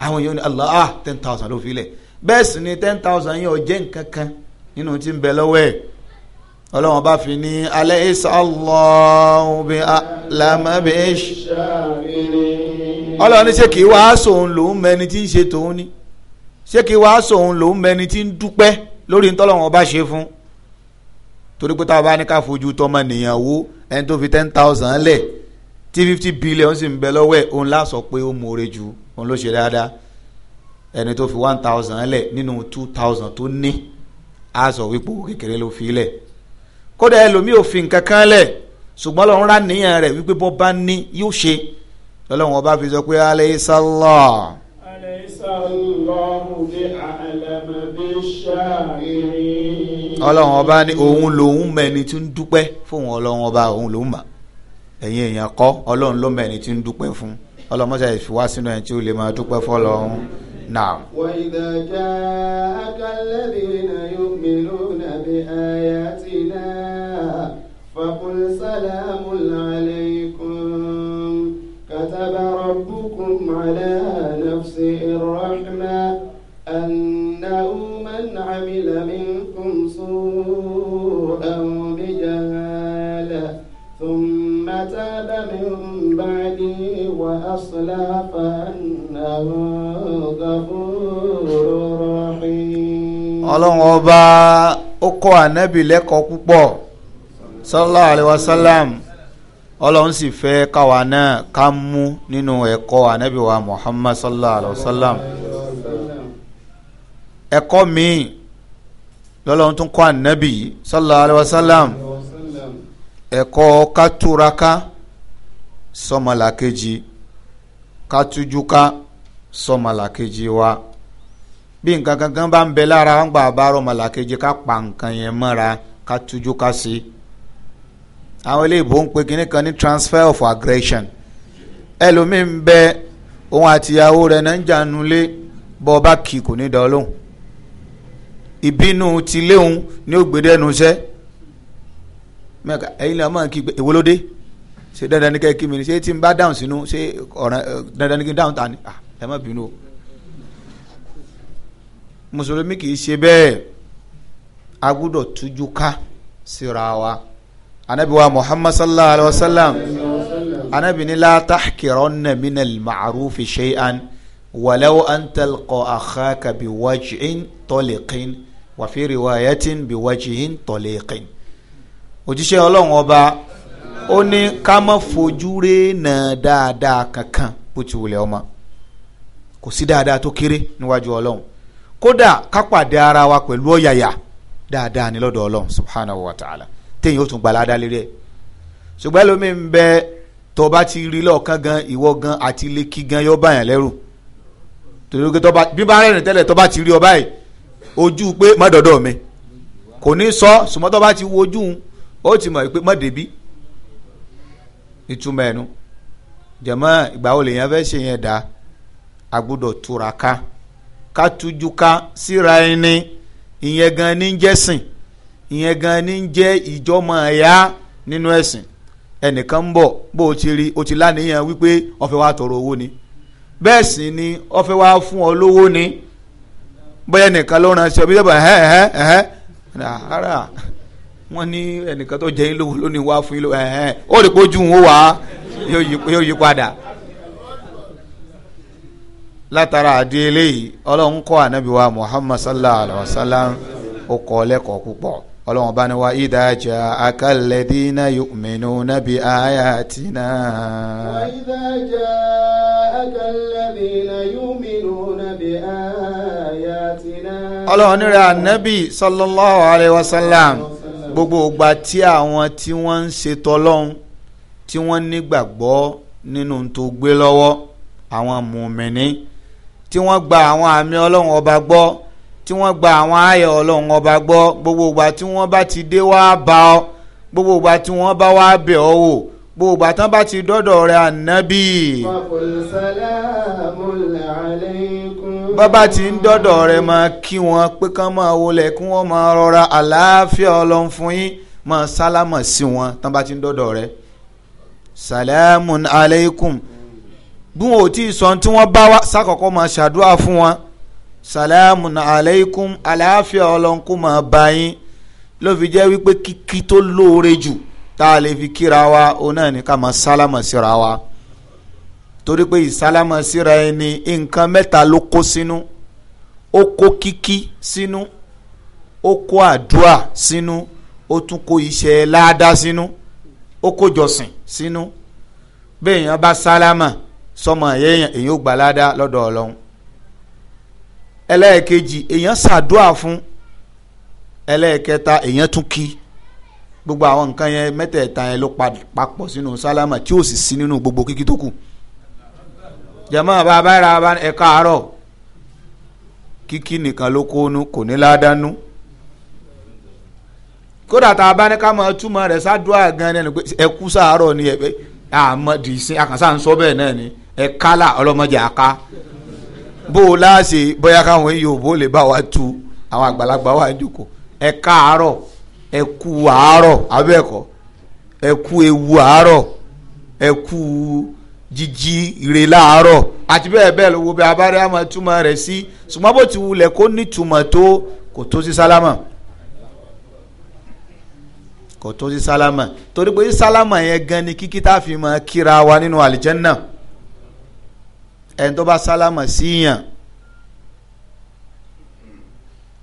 àwọn èèyàn ní allah ah ten thousand ló fi lẹ̀ bẹ́ẹ̀ sì ni ten thousand yẹn ò jẹ́ nǹkan kan nínú tí ń bẹ lọ́wọ́ ẹ̀ ọlọ́run bá fi ní alẹ́ isa allahu bi alamabish ọlọ́run ní ṣe kì í lòún mẹni tí ń ṣe tòun ni ṣé kí wàá sòun lòún mẹni tí ń dúpẹ́ lórí ntọ́lọ́wọ́n ọba ṣe fún torí pé táwa bá ní ká fojú tọmọ nìyàn wo ẹni tó fi ten thousand lẹ̀ tí fifty billion sì ń bẹ lọ́wọ́ ẹ̀ òun lá sọ pé ó mòore ju òun ló ṣe dáadáa ẹni tó fi one thousand lẹ̀ nínú two thousand tó ní á sọ wípé owó kékeré ló fi lẹ̀ kódà ẹlòmíì ò fi nǹkan kan lẹ̀ ṣùgbọ́n lọ́run rà níyàn rẹ̀ wípé bọ́ bá ní yóò ṣe lọ́lọ́run ọba fi sọ pé alayhi ọlọ́run ọba ní òun lòun mẹ́ni tí ń dúpẹ́ fóun ọlọ́run ọba òun lòun mà ẹ̀yin èèyàn kọ́ ọlọ́run ló mẹ́ni tí ń dúpẹ́ fún ọlọ́mọṣà ìfìwá sínú ẹ̀ tí ó lè máa dúpẹ́ fọlọ́run náà. wàyídà já akálẹ́bí náà yóò mìíràn nàbí àyà tì náà fàkùn sálàmù làlẹ́ ikùn kàtàbà rọ̀bùkùn màlẹ́ الرحمن أنه من عمل منكم سوءا بجهالة ثم تاب من بعده وأصلح فأنه غفور رحيم ọlọ́run ọba ó kọ́ ànábì lẹ́kọ̀ọ́ púpọ̀ sallallahu alaihi wasallam ọlọ́run sì fẹ́ káwa náà ká mú nínú ẹ̀kọ́ ànábì muhammad sallallahu alayhi wa sallam ẹ̀kọ́ míì lọ́lọ́run tún kọ́ ànábì sallallahu alayhi wa sallam ẹ̀kọ́ kátúraká sọmọlàkejì kátújúká sọmọlàkejì wa bí nǹkan kankan bá ń bẹ lára wọn gbà bá rọmọlàkejì ká pa nǹkan yẹn mọ́ra kátújúká sí i àwọn ilé ìbò ń pe kinní kan ní transfer of aggression ẹlòmíì ń bẹ òun àtìyàwó rẹ̀ náà ń jànulé bọ́ ọba kì í kò ní dán lóhùn ìbínú ti léhùn ní ògbédé ẹnu iṣẹ́ mẹ́ka ẹ̀yin náà máa kí èwo ṣe dandan ní kẹ́kí mi ni ṣé tí n bá dáhùn sínú ṣé ọ̀ràn dandan ní kí n dáhùn ta ni ah, ẹ má bínú o mùsùlùmí kì í ṣe bẹ́ẹ̀ a gbọ́dọ̀ ká síra wa anabi wa muhammad sallallahu alaihi wa sallam anabi ni la tahkiranna min al-ma'rufi shay'an walaw an talqa akhaka bi wajhin taliqin wa fi riwayatin bi wajhin taliqin òjíṣẹ́ ọlọ́run ọba ó ní ká má fojú rẹ̀ náà dáadáa kankan bó ti wulẹ̀ ọmọ kò sí dáadáa tó kéré níwájú ọlọ́run kódà ká pàdé wa pẹ̀lú ọ̀yàyà dáadáa ní lọ́dọ̀ ọlọ́run subhanahu wa ta'ala téèyàn ó tún gbà ládàá lérí ẹ̀ ṣùgbọ́n ẹlòmíì ń bẹ tó bá ti rí lọ́ọ̀kan gan ìwọ gan àti ilé kí gan yóò bàyàn lẹ́rù torí pé bí bá rẹ̀ tẹ́lẹ̀ tó bá ti rí ọ báyìí ojú pé má dọ̀dọ̀ mi kò ní sọ ṣùgbọ́n tó bá ti wo ó ti mọ̀ pé má ìtumọ̀ ẹ̀nu jẹ̀mọ́ ìgbà wo lèèyàn fẹ́ ṣe yẹn dáa a gbọ́dọ̀ túra ká ká tújú ká síra ẹni ìyẹn gan ní jẹ́sìn ìyẹn gan ni ń jẹ́ ìjọmọ ẹ̀yà nínú ẹ̀sìn ẹnìkan ń bọ̀ bó o ti rí o ti lánìyàn wípé tọrọ owó ni bẹ́ẹ̀ ni ó fún ọ lówó ni bóyá ẹnìkan ló ránṣẹ́ bí sẹ́bà ẹ̀hẹ́ ẹ̀hẹ́ ẹ̀hẹ́ rárá wọ́n ní ẹnìkan tó jẹ yín lówó lónìí wá fún yín lówó ẹ̀hẹ́ ó rí yóò yí padà Muhammad sallallahu alayhi wa sallam ó ọlọ́run bá ní wa idha ja'aka alladhina yu'minuna bi ayatina. wa idha ja'aka alladhina yu'minuna bi ayatina. ọlọ́run nira anabi sallallahu alayhi wa sallam gbogbo ìgbà tí àwọn tí wọ́n ń ṣe tọ́lọ́hún tí wọ́n nígbàgbọ́ nínú tó gbé lọ́wọ́ àwọn mùmíní tí wọ́n gba àwọn àmì ọlọ́run ọba gbọ́ tí wọ́n gba àwọn ayọ̀ ọlọ́run ọba gbọ́ gbogbo ìgbà tí wọ́n bá ti dé wá bá ọ gbogbo ìgbà tí wọ́n bá wá bẹ̀ ọ wò gbogbo ìgbà tán bá ti dọ́dọ̀ rẹ̀ ànábì. bàbá ti ń dọ́dọ̀ rẹ̀ máa kí wọn pé kán máa wọlé kí wọ́n máa rọra àlàáfíà ọlọ́run fún yín máa sálámà sí wọn tán bá ti ń dọ́dọ̀ rẹ̀ salamun aleikum bí wọn ò tí ì sọ tí wọ́n bá wá sákọ̀kọ́ máa ṣàdúrà fún wọn salamu alaykum aláàfíà ọlọ́nkún máa bá yín ló fi jẹ́ wípé kíkí tó lóore jù tá a lè fi kíra wa òun náà ní ká máa sálámà síra wa torí pé ìsálámà síra ẹni nǹkan mẹ́ta ló kó sínú ó kó kíkí sínú ó kó àdúà sínú ó tún kó iṣẹ́ ládàá sínú ó kó jọsìn sínú bẹ́ẹ̀ yẹn bá sálámà sọmọ èèyàn èèyàn ó gbà ládàá lọ́dọ̀ ọlọ́run ẹlẹ́ẹ̀kejì èèyàn ṣàdúrà fún ẹlẹ́ẹ̀kẹta èèyàn tún kí gbogbo àwọn nǹkan yẹn mẹ́tẹ̀ẹ̀ta yẹn ló papọ̀ sínú sálámà tí ò sì sí nínú gbogbo kíkí tó kù jàmáà bàbá ra ẹ̀ka àárọ̀ kíkí nìkan ló kónú kò ní ládánú kódà tá a bá ní ká máa túmọ̀ rẹ̀ sádùá gan ni ẹ kú ni ẹ àmọ́ dìísín àkànṣà ń sọ bẹ́ẹ̀ náà ni ẹ kálà ọlọ́mọdé àká bó o láṣẹ bóyá káwọn yòòbó lè bá wa tu àwọn àgbàlagbà wa jókòó ẹ káàárọ̀ ẹ kú àárọ̀ abẹ́ẹ̀kọ́ ẹ kú ewu àárọ̀ ẹ kú jíjí ire láàárọ̀ àti bẹ́ẹ̀ bẹ́ẹ̀ lówó bí abáre àmọ́ túmọ̀ rẹ̀ sí ṣùgbọ́n bó ti wulẹ̀ kó nítumọ̀ tó kò tó sí sálámà kò tó sí sálámà torí pé sálámà yẹn gan ni kíkí tá a fi máa kíra wa nínú àlìjẹ́nnà ẹni tó bá sálámà síyàn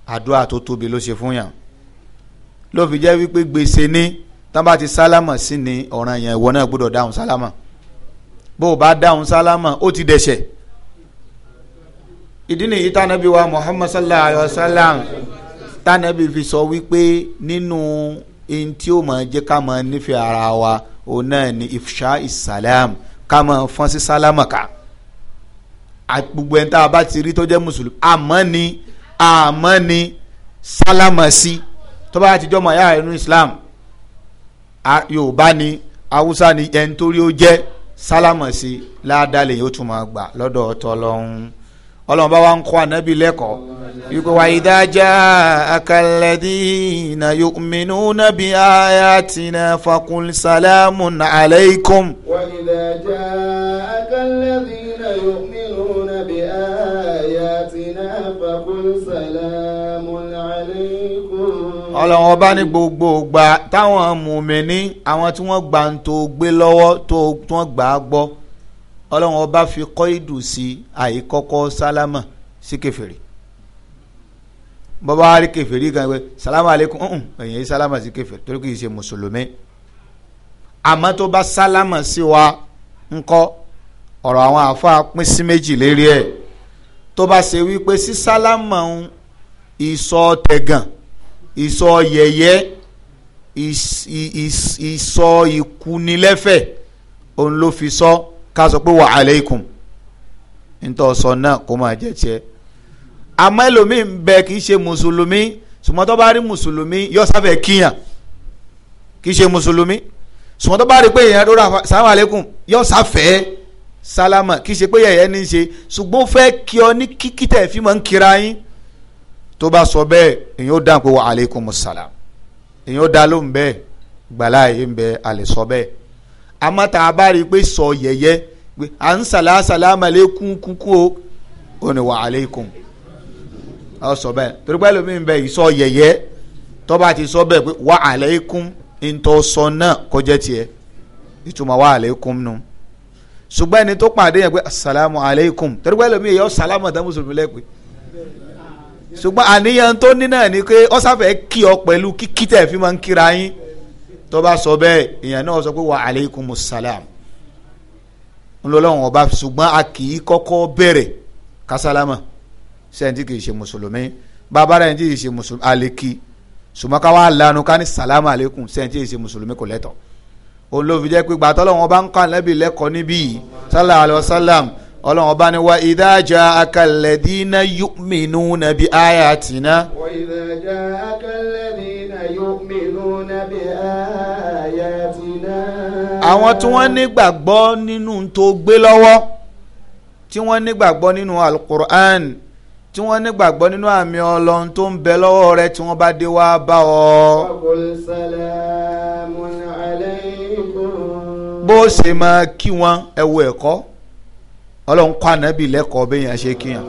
àdúrà tó tóbi ló ṣe fún yàn ló fi jẹ́ wípé gbèsè ni tán bá ti sálámà sí ni ọ̀ràn yẹn ìwọ náà gbọ́dọ̀ dáhùn sálámà bó o bá dáhùn sálámà ó ti dẹ̀ṣẹ̀ ìdí nìyí tánàbí wa Muhammad sallallahu alayhi wa sallam tánàbí fi sọ wípé nínú ẹni tí ó máa jẹ́ ká máa nífẹ̀ẹ́ ara wa òun náà ni ifṣá ìsàlám ká máa fọ́n sí sálámà ká gbogbo ẹni tá a bá ti rí tó jẹ́ mùsùlùmí àmọ́ ni àmọ́ ni sálámà sí tó bá ti jọmọ ẹ̀yà inú Islam Yorùbá ni Haúsá ni ẹni tó rí ó jẹ́ sálámà sí ládàlẹ̀ yóò tún máa gbà lọ́dọ̀ ọ̀tọ̀ lọ́hún ọlọ́run bá wa ń kọ́ ànábì lẹ́kọ̀ọ́ wípé wà ìdájà akalẹ́dínà yu'minuna bí ayatina fakul salamun alaykum. ọlọ́run ọba ní gbogbo ìgbà táwọn mùmíní àwọn tí wọ́n gbà ń tó gbé lọ́wọ́ tó wọ́n gbà á gbọ́ ọlọ́run ọba fi kọ́ ìdù sí àìkọ́kọ́ sálámà sí kẹfìrí bọ́bá rí kẹfìrí gan pé sálámà aleykum ọ̀hún ẹ̀yìn yìí sálámà sí kẹfìrí torí kì í ṣe mùsùlùmí àmọ́ tó bá sálámà sí wa ńkọ́ ọ̀rọ̀ àwọn àáfàá pín sí méjì lérí ẹ̀ tó bá ṣe wípé sí sálámà ń ìsọ tẹ̀gàn ìsọ yẹ̀yẹ́ ìsọ ìkunilẹ́fẹ̀ òun ló fi sọ ká sọ pé wa alaykum nítorí sọ náà kó máa jẹ́ tiẹ̀ àmọ́ ẹlòmíì ń bẹ kì í ṣe mùsùlùmí ṣùgbọ́n tó bá rí mùsùlùmí yóò sáfẹ́ kíyàn kì í ṣe mùsùlùmí ṣùgbọ́n tó bá rí pé èèyàn rọra assalamu alaykum yóò sáfẹ́ sálámà kì í ṣe pé yẹ̀yẹ́ ní í ṣe ṣùgbọ́n ó fẹ́ kí ọ ní kíkítẹ̀ fi máa ń kira yín tó bá sọ bẹ́ẹ̀ èyí ó dáhùn pé wa aleikum salam èyí ó dá lóhùn bẹ́ẹ̀ gbàlá yìí ń bẹ àlè sọ bẹ́ẹ̀ àmọ́ tá a bá rí i pé sọ yẹyẹ pé à ń sàlá sàlámà kúkú o ò ní wa aleikum ọ sọ bẹ́ẹ̀ lómi ń bẹ ìsọ yẹ̀yẹ́ tó bá ti sọ bẹ́ẹ̀ pé wa aleikum ntọ́ náà kọjá tiẹ̀ ìtumọ̀ wa aleikum nù ṣùgbọ́n ẹni tó pàdé yẹn pé asalaamu lómi yẹ sàlámà tá ṣùgbọ́n àníyàn tó ní náà ni pé ọ sáfẹ́ kí ọ pẹ̀lú kíkí tẹ̀ fi máa ń kíra yín tó bá sọ bẹ́ẹ̀ èèyàn náà sọ pé wa aleykum salam ńlọlọ́wọ́n ọba ṣùgbọ́n a kì í kọ́kọ́ bẹ̀rẹ̀ kásálámà sẹ́yìn tí kì í ṣe mùsùlùmí bàbá rẹ̀ tí kì í ṣe mùsùlùmí àlekí ṣùgbọ́n ká wá lanu ká ní salamu aleykum sẹ́yìn tí kì í ṣe mùsùlùmí kò lẹ́tọ̀ òun ló fi jẹ́ pé gbàtọ́ lọ́wọ́n ọba ń kọ́ ọlọ́run ọba ni wa idha ja'aka alladhina yu'minuna bi ayatina. wa idha ja'aka alladhina yu'minuna bi ayatina. àwọn tí wọ́n nígbàgbọ́ nínú tó gbé lọ́wọ́ tí wọ́n nígbàgbọ́ nínú alukur'an tí wọ́n nígbàgbọ́ nínú àmì ọlọ́run tó ń bẹ lọ́wọ́ rẹ tí wọ́n bá dé wá bá ọ. bó ṣe máa kí wọn ẹ wo ẹ̀kọ́ ọlọ́run kọ́ ànábì lẹ́kọ̀ọ́ bẹ́ẹ̀ yẹn ṣe kíyàn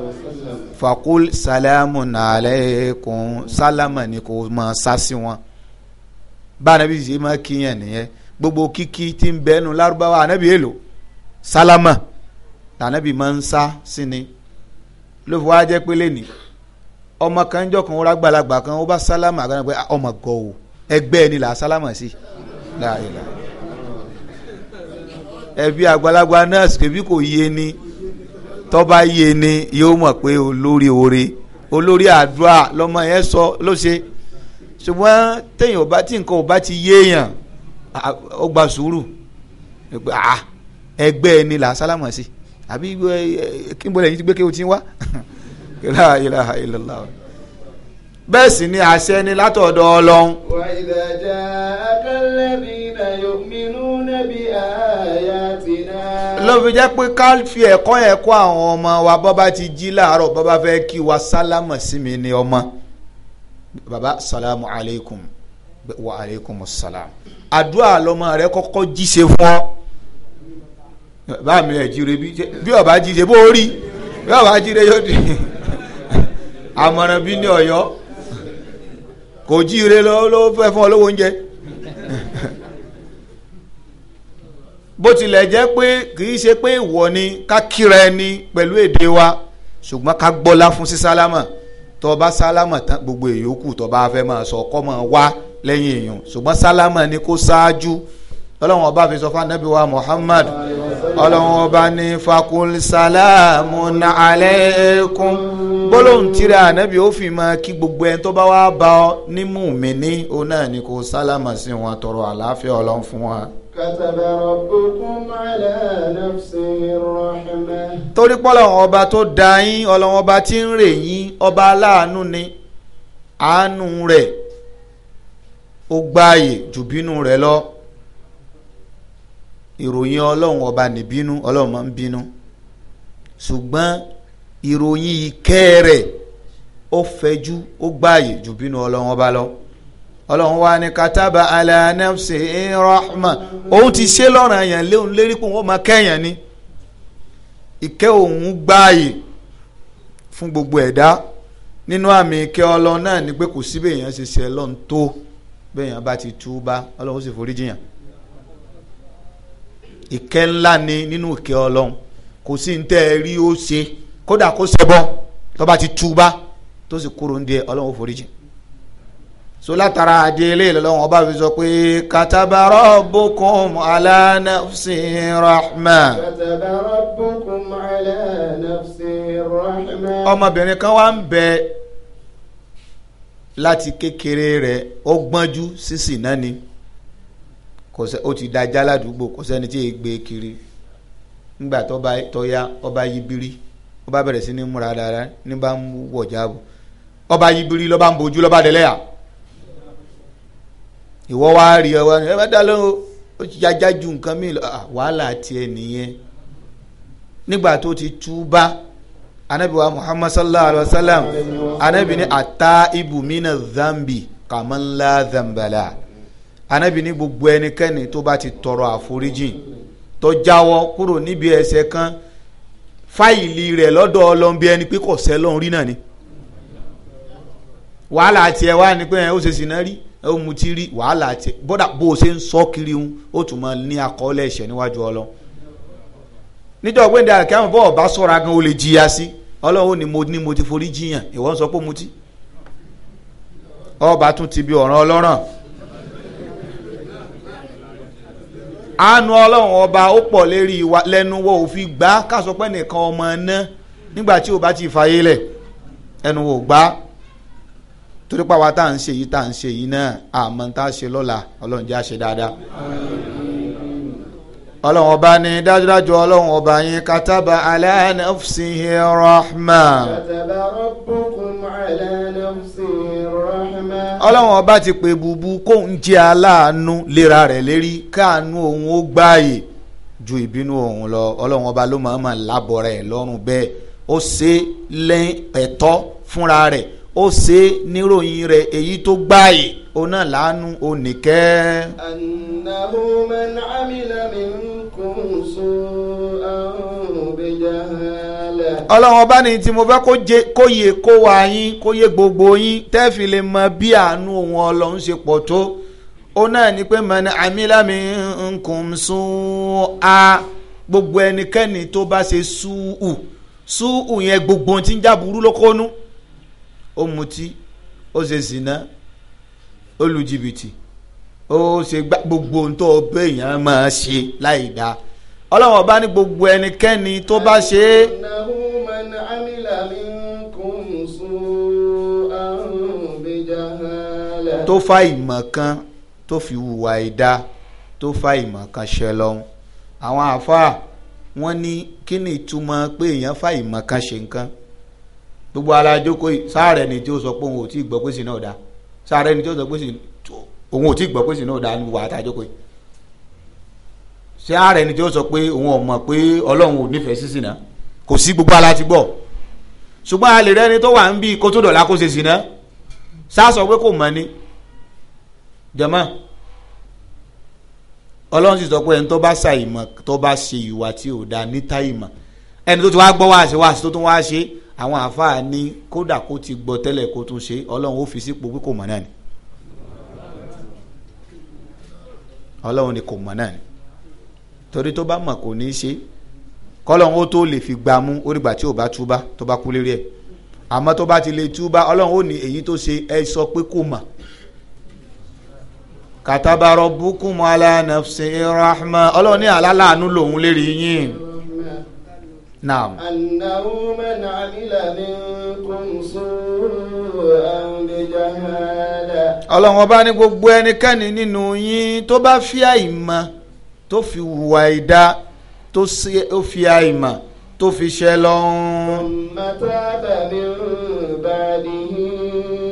fakul salamu alaykum sálámà ni kò máa sá sí wọn bá ànábì ṣe máa kíyàn nìyẹn gbogbo kíkí tí ń bẹ́nu lárúbáwá ànábì èlò sálámà ànábì máa ń sá sí ni ló fi wá jẹ́ pé lẹ́nì ọmọ kan jọ kan ó rágbàlagbà kan ó bá sálámà kan pé ah, ọmọ gọ̀ ọ́ ẹgbẹ́ ẹni là á sálámà sí ẹbí àgbàlagbà nurse kébí kò yé ni tó bá yé ni yóò mọ̀ pé olórí oore olórí àdúrà lọ́mọ yẹn sọ ló ṣe ṣùgbọ́n téèyàn ò bá tí nǹkan ò bá ti yéèyàn ó gba sùúrù ẹgbẹ́ ẹni là sálámà sí àbí kí n bọ́lẹ̀ yìí ti gbé kí o ti wá. ilaha ilaha illallah bẹ́ẹ̀ sì ni àṣẹ ni látọ̀dọ̀ ọlọ́run. wà ìdá jà akálẹ́bìnà yòmínú nẹ́bí àyàtìná. ló fi jẹ́ pé ká fi ẹ̀kọ́ yẹn kó àwọn ọmọ wa bọ́ bá ti jí láàárọ̀ bọ́ bá fẹ́ kí wa sálámà sí mi ni ọmọ. baba salamu aleykum wa aleykum salam. àdúrà lọmọ rẹ kọ́kọ́ jíṣe fún ọ. bá mi ẹ̀ jíire bí ọba jíire bó rí bí ọba jíire yóò di àmọ̀ràn bí ní ọ̀yọ́ kò jíire lọ ló fẹ́ fún ọ lówó oúnjẹ bó tilẹ̀ jẹ́ pé kì í ṣe pé ìwọ ni ká kíra ẹni pẹ̀lú èdè wa ṣùgbọ́n ká gbọ́lá fún sí sálámà tó sálámà tán gbogbo èyókù tó bá fẹ́ máa sọ kọ́ máa wá lẹ́yìn èèyàn ṣùgbọ́n sálámà ni kó ṣáájú ọlọ́run ọba fi sọ fún anabi wa muhammad ọlọ́run ọba ní fakulisalamu na aleikum gbólóhùn tírà anabi ó fi máa kí gbogbo ẹni tó bá wá bá ọ ní mùmíní ó náà ní kó sálámà sí wọn tọrọ àlàáfíà ọlọ́run fún wọn. kataba rabbukum ala nafsihi rahmah. torí pọ́lọ́run ọba tó dá yín ọlọ́run ọba tí ń rè yín ọba aláàánú ni àánú rẹ̀ ó gbáàyè jù bínú rẹ̀ lọ ìròyìn ọlọ́run ọba nìbínú ọlọ́run máa ń bínú ṣùgbọ́n ìròyìn ìkẹ́ rẹ̀ ó fẹjú ó gbààyè ju bínú ọlọ́run ọba lọ ọlọ́run wa ni kataba ala nafsi rahma òun ti ṣe lọ́ràn yẹn léun lérí pé wọ́n máa kẹ́yàn ni ìkẹ́ òun gbààyè fún gbogbo ẹ̀dá nínú àmì ìkẹ́ ọlọ́run náà ni pé kò síbẹ̀ èèyàn ṣe ṣe ẹlọ́run tó bẹ́ẹ̀ yẹn bá ti túbá ọlọ́run sì foríjìyàn ìkẹ́ ńlá ni nínú ìkẹ́ ọlọ́run kò sí ní tẹ́ ẹ rí ó ṣe kódà kó ṣẹbọ tó ti túbá tó sì kúrò ń di ọlọ́run ó foríjì so látara adé eléyìí lọ́wọ́ ọba fi sọ pé katabara bukum ala nafsi rahma. katabara bukum ala nafsi rahma. ọmọbìnrin kan wá ń bẹ láti kékeré rẹ̀ ó gbọ́njú sísìn náà ni. kò sẹ ó ti dájá ládùúgbò kò sẹ́ni tí ègbé kiri ńgbà tọ́ba tọ́ya ọba yibiri ọba bẹ̀rẹ̀ sí ni múra dara ní bá ń wọ̀ jáàbù ọba yibiri lọ́ba ń bojú lọ́ba dẹ́lẹ́yà ìwọ wá rí ọwọ́ ẹ bá dá lóhùn o ti jájá ju nǹkan mi wàhálà tiẹ̀ nìyẹn nígbà tó ti túbá anabi wa muhammad sallallahu alaihi wa sallam anabi ni ata ibumina zambi kàmánlá zambala. anabi ní gbogbo ẹnikẹ́ni tó bá ti tọrọ àforíjì tó jáwọ́ kúrò níbi ẹ̀ṣẹ̀ kan fáìlì rẹ̀ lọ́dọ̀ ọlọ́run ẹni pé kò sẹ́ lọ́run rí náà ni wàhálà tiẹ̀ wá ni pé ó ṣe sìnà rí ó mutí rí wàhálà tiẹ̀ bọ́dà bó o ṣe ń sọ kiri ń ó tún máa ní àkọọ́lẹ̀ ẹ̀ṣẹ̀ níwájú ọlọ́run níjọ́ gbẹ̀ndẹ̀ àkẹ́hùn bọ́ọ̀ bá sọ̀ra gan o lè jìyà sí ọlọ́run ni mo ní mo ti forí jiyàn ìwọ ń sọ pé mo ti ọba tún ti bi ọ̀ràn ọlọ́ràn àánú ọlọ́run ọba ó pọ̀ lérí wa lẹ́nu wo òfin gbá káṣọ pé nìkan ọmọ náà nígbà tí o bá ti fàyè lẹ̀ ẹnu wò gbá torí pàwọn tá à ń ṣe yìí tá à ń ṣe yìí náà àmọ́ tá a ṣe lọ́la ọlọ́run jẹ́ àṣẹ dáadáa ọlọ́run ọba ní dájúdájú ọlọ́run ọba yín kataba ala nafsihi rahma. kataba rabbukum ala nafsihi rahma. ọlọ́run ọba ti pè bubu kóun jẹ́ aláàánú lera rẹ̀ lérí káàánú òun ó gbáàyè ju ìbínú òun lọ ọlọ́run ọba ló máa ma lábọ̀ rẹ̀ lọ́rùn bẹ́ẹ̀ ó ṣe lẹ́yìn ẹ̀tọ́ fúnra rẹ̀ ó ṣe níròyìn rẹ̀ èyí tó gbáàyè ọ̀nà láàánú oníkẹ́. annahu man amila min. ọlọ́run ọba ní tí mo fẹ́ kó jẹ kó yẹ kó wá yín kó yẹ gbogbo yín tẹ́ẹ̀fì lè mọ bí àánú òun ọlọ́run ṣe pọ̀ tó ó náà ní pé mọ̀nà àmìlámi nkùn sún a gbogbo ẹnikẹ́ni tó bá ṣe súù súù yẹn gbogbo tí ń jáburú ló kónú ó mutí ó ṣe zìnà ó lu jìbìtì ó ṣe gbogbo ohun tó bẹ́ẹ̀ yẹn máa ṣe láì dáa ọlọ́wọ́n bá ní gbogbo ẹnikẹ́ni tó bá ṣe é. من عمل منكم سوءا بجهالة tó fa ìmọ̀ kan tó fi hùwà ìdá tó fa ìmọ̀ kan ṣe àwọn àáfàá wọ́n ní kí ni ìtumọ̀ pé èèyàn fa ìmọ̀ kan ṣe nǹkan gbogbo ara jókòó sáàrẹ ni tí ó sọ pé òun ò tí ì gbọ́ pé sí náà dá sáàrẹ ni tí ó sọ pé sí òun ò tí ì gbọ́ pé sí náà dá ní wàá tá a jókòó yìí ni tí ó sọ pé òun ò mọ̀ pé ọlọ́run ò nífẹ̀ẹ́ sí sí náà kò sí gbogbo ala ti gbọ́ ṣùgbọ́n a lè rẹ́ni tó wà ń bí kó tó dọ̀la kó ṣe sìnà sásọ pé kò mọ̀ ni jàmá ọlọ́run sì sọ pé ẹni tó bá ṣà ìmọ̀ tó bá ṣe ìwà tí ò da níta ìmọ̀ ẹni tó ti wá gbọ́ wá ṣe wá ṣe tó tún wá ṣe àwọn àáfàá ní kódà kó ti gbọ́ tẹ́lẹ̀ kó tún ṣe ọlọ́run ó fi sípò pé kò mọ̀ náà ni ọlọ́run ni kò mọ̀ náà ni torí tó bá mọ̀ kò ní ṣe kọ́lọ́n ó tó lè fi gbà mú orígbà tí ò bá túbá tó bá kú lérí ẹ̀ àmọ́ tó bá ti lè túbá ọlọ́run ó ní èyí tó ṣe ẹ sọ pé kò mà. kataba rabbukum ala nafsi rahma ọlọ́run ní àlálàánú lòun lérí yín. naam. annahu man amila minkum su'an bi jahala. ọlọ́run ọba ní gbogbo ẹnikẹ́ni nínú yín tó bá fi àìmọ̀ tó fi hùwà ìdá tó fi àìmọ̀ tó fi ṣẹ́ lọ́hún.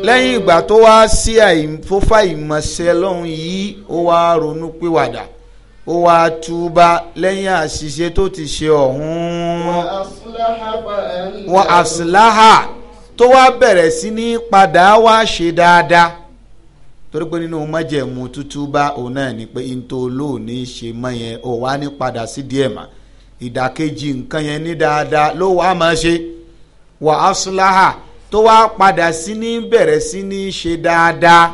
lẹ́yìn ìgbà tó wá sí àìfófá ìmọ̀ṣẹ́ lọ́hún yìí ó wá ronú pìwàdà ó wá túbá lẹ́yìn àṣìṣe tó ti ṣe ọ̀hún. wa aslaha tó wá bẹ̀rẹ̀ sí ní padà wá ṣe dáadáa torí pé nínú májẹ̀mú tútúbá òun náà ni pé ntọ́ olóòní ṣe mọ́ yẹn ò wá ní padà sí díẹ̀ mà ìdàkejì nǹkan yẹn ní dáadáa ló wàá máa ṣe wà á sùláhà tó wá padà sí ní bẹ̀rẹ̀ sí ní ṣe dáadáa.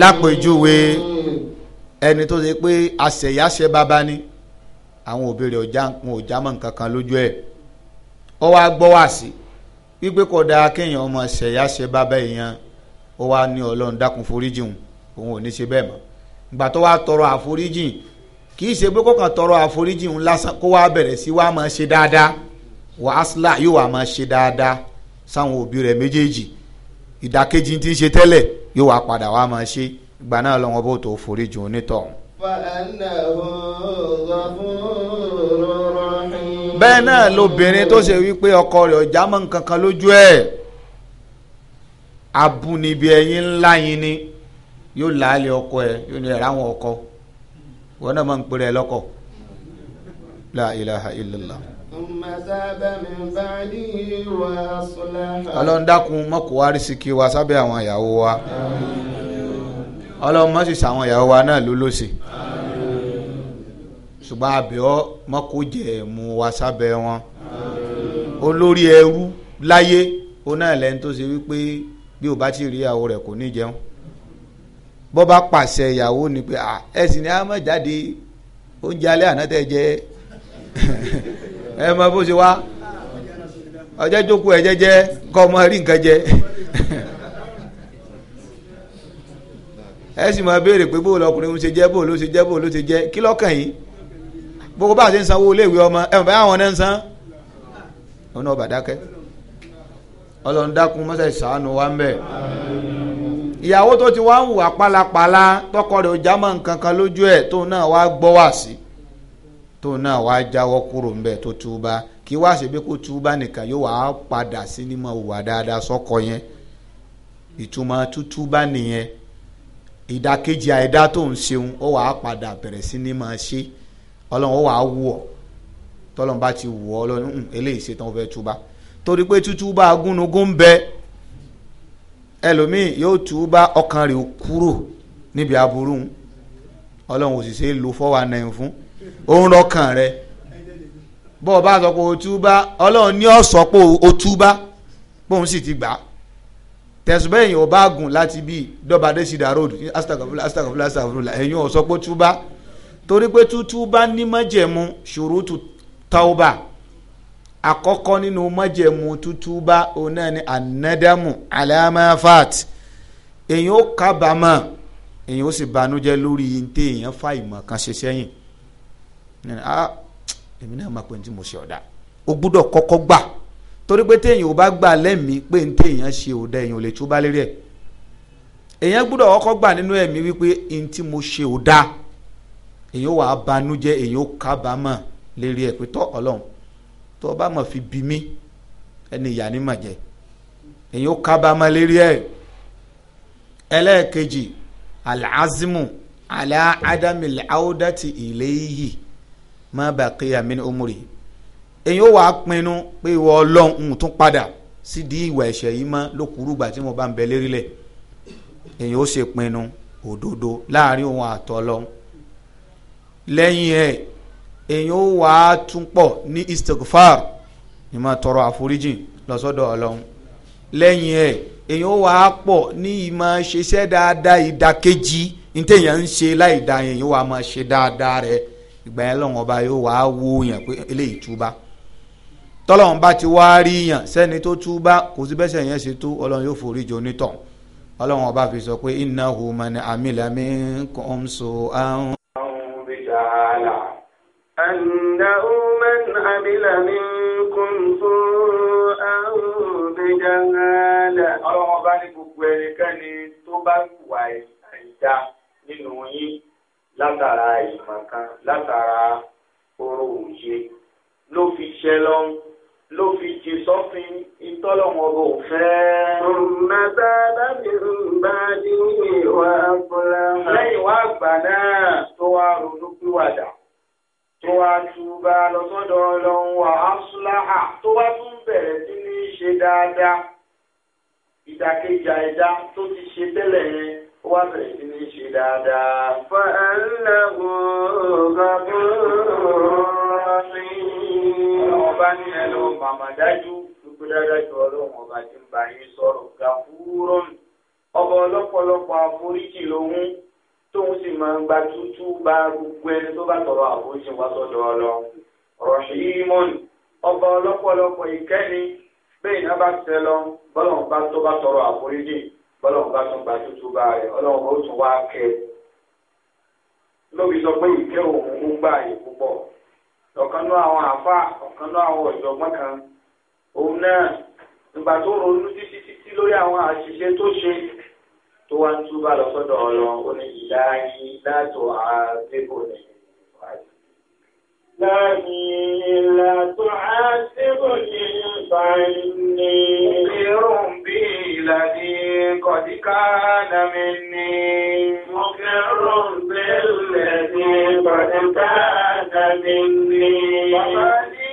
lápèjúwe ẹni tó ṣe pé àṣẹyàṣẹ bàbá ni àwọn òbí ò já nǹkan kan lójú ọ wá gbọ́ wá sí wípé kò dáa kéèyàn ọmọ ṣẹ̀yà ṣe bàbá èèyàn ó wá ní ọlọ́run dákun foríjì òun òun ò ní ṣe bẹ́ẹ̀ mọ́ ìgbà tó wá tọrọ àforíjìn kì í ṣe pé kó kàn tọrọ àforíjì òun lásán kó wá bẹ̀rẹ̀ sí wá máa ṣe dáadáa wà á sílá yóò wá máa ṣe dáadáa sáwọn òbí rẹ̀ méjèèjì ìdàkejì tí ń ṣe tẹ́lẹ̀ yóò wá padà wá máa ṣe ìgbà náà lọ́wọ́ bó tó foríjì òun bẹ́ẹ̀ náà lobìnrin tó ṣe wípé ọkọ rẹ̀ ọ̀já mọ́ nǹkan kan lójú ẹ̀ abúnibi ẹyin ńlá yín ni yóò láàlẹ̀ ọkọ ẹ̀ yóò ní ẹ̀rọ àwọn ọkọ wọn náà máa ń pèrè ẹ lọ́kọ la ilaha illallah. ọlọ́run dákun mọ́kò wá rí síkí wa sábẹ́ àwọn ìyàwó wa ọlọ́run mọ́sí sàwọn ìyàwó wa náà ló ṣùgbọ́n abẹ́ọ́ mọ́kòjẹ́ mú wa sábẹ́ wọn olórí ẹrú láyé ó náà lẹ́ni tó ṣe wípé bí o bá ti rí ìyàwó rẹ̀ kò ní jẹun bọ́ bá pàṣẹ ìyàwó ni pé ẹ sì ní àmọ́ jáde oúnjẹ alẹ́ àná tẹ́ jẹ ẹ mọ bó ṣe wá ọjọ́ jókòó ẹ jẹ́jẹ́ kọ́ ọmọ rí nǹkan jẹ ẹ sì máa béèrè pé bó lọkùnrin ń ṣe jẹ́ bó ló ṣe jẹ́ bó ló ṣe jẹ́ kí lọ́kàn yìí gbogbo bá a ṣe ń sanwó iléèwé ọmọ ẹ̀ bá àwọn náà ń san òun náà bàdákẹ́ ọlọ́run dákun mọ́sẹ̀ ṣàánú wa ń bẹ̀ ìyàwó tó ti wá ń wà pálapàla tọkọ rẹ̀ ò já nǹkan kan lójú ẹ̀ tóun náà wá gbọ́ wá sí tóun náà wá jáwọ́ kúrò ń bẹ̀ tó kí wá bí nìkan yóò wá padà sí dáadáa sọ́kọ yẹn ìtumọ̀ nìyẹn àìdá ṣeun ó padà ọlọ́run wàá wù ọ́ tọ́lọ́run bá ti wù ọ́ ọlọ́run hmm, eléyìí ṣe tán fẹ́ túbà torí pé tútúbà agúnugún ń bẹ ẹlòmíì yóò túbà ọkàn rẹ̀ kúrò níbi aburú ọlọ́run ò sì ṣe é lo four one nine fún òun rọkàn rẹ̀ bọ́ ọ bá sọ pé o túbà ọlọ́run ní ọ̀sọ́ pé o túbà bóun sì ti gbà tẹ̀sùbẹ́ yìí ò bá láti bíi dọ́badé sida road astagafula astagafula astagafula ẹ̀yin ò sọ pé túbà torí pé tútú bá ní májẹ̀mú ṣùrùtù tauba àkọ́kọ́ nínú májẹ̀mú tútú bá òun náà ni anadamu alamafat èyàn ó kábàámọ̀ èyàn ó sì banújẹ́ lórí ntẹ èyàn fa ìmọ̀ kan ṣe sẹ́yìn èmi náà máa pè ní tí mo ṣe ọ̀dà o gbúdọ̀ kọ́kọ́ gbà torí pé téèyàn ò bá gbà lẹ́mìí pé ní téèyàn ṣe ò èyàn ò lè túbá èyàn gbúdọ̀ kọ́kọ́ gbà nínú ẹ̀mí wípé ní mo ṣe ò èyàn wà á banújẹ́ èyàn ó kábàámọ̀ lérí ẹ̀ pé tọ́ ọlọ́run tó o bá mọ̀ fi bí mi ẹni ìyá ni mà jẹ́ èyàn ó kábàámọ̀ lérí ẹ̀ ẹlẹ́ẹ̀kejì alazimu ala adami laudati ilayhi ma baqiya min umri èyàn ó wà á pinnu pé ìwọ ọlọ́run ń tún padà sídìí ìwà ẹ̀ṣẹ̀ yìí mọ́ lókùrúgbà tí mo bá ń bẹ lérí lẹ̀ èyàn ó ṣe pinnu òdodo láàrin òun àtọ́ ọlọ́run lẹ́yìn ẹ̀ èyàn ó wà á tún pọ̀ ní istighfar ní máa tọrọ àforíjì lọ́sọ́dọ̀ ọlọ́run lẹ́yìn ẹ̀ èyàn ó wà á pọ̀ ní ìmọ̀ ṣiṣẹ́ dáadáa ìdàkejì ní ń ṣe láì da èyàn ó wà á máa ṣe dáadáa rẹ̀ ìgbà yẹn lọ́wọ́n ọba yóò wá wo yàn pé eléyìí túbá tọ́lọ́run bá ti wá rí yàn sẹ́ni tó túbá kò sí bẹ́sẹ̀ yẹn ṣe tó ọlọ́run yóò forí jì onítàn ọlọ́run ọba fi sọ pé innahu man amila minkum su'an أنه من عمل منكم سوءا بجهالة ọlọ́run ọba ní gbogbo ẹnikẹ́ni tó bá wà àìdá nínú yín látara ìmọ̀kan látara oró òye ló fi ṣẹ lọ́n ló fi jẹ sọ́fin ìtọ́lọ́wọ́n ọba òfẹ́. màtá láti bá a di ìwà àpọ̀lá. lẹ́yìn wá àgbà náà tó wá ronú pìwàdà tó wá túbà lọ́sọ́dọ̀ ọlọ́run wà á súláhà tó wá tún bẹ̀rẹ̀ sí ní ṣe dáadáa ìdàkejì àìdá tó ti ṣe tẹ́lẹ̀ yẹn ó wá bẹ̀rẹ̀ sí ní ṣe dáadáa. fẹ́ẹ́lẹ́gùn ọ̀gáfóró ní. ọba ní ẹ lọ màmá dájú gbogbo dájú ọlọ́run ọba ti ń bá yín sọ̀rọ̀ gàfúrò ọba ọlọ́pọ̀lọpọ̀ àforíjì lòun. tóun sì máa ń gba tútú bá gbogbo ẹni tó bá tọrọ àforíjì wá ọba ọlọ́pọ̀lọpọ̀ ìkẹ́ni bẹ́ẹ̀ náà bá tẹ lọ bọ́lọ̀n bá tó bá tọrọ àforíjì bá tún gba tútú bá rẹ̀ ọlọ́run ó tún wá kẹ́ lóbi sọ pé ìkẹ́ òun ń gbà yìí púpọ̀ ọ̀kan náà àwọn àfa ọ̀kan náà àwọn ọ̀jọ̀gbọ́n kan òun náà ìgbà tó ronú títí tó wá ń túbà lọ sọ́dọ̀ ọlọ ó ní ìyá yìí látò àdébò ni. láàrin látò àdébò ní ìbáyìí. Irun bí ìlàdí kọ̀díkà nàmi ni. Mo kẹ́rùn bí ìlàdí kọ̀díkà nàmi ni. Bàbá ní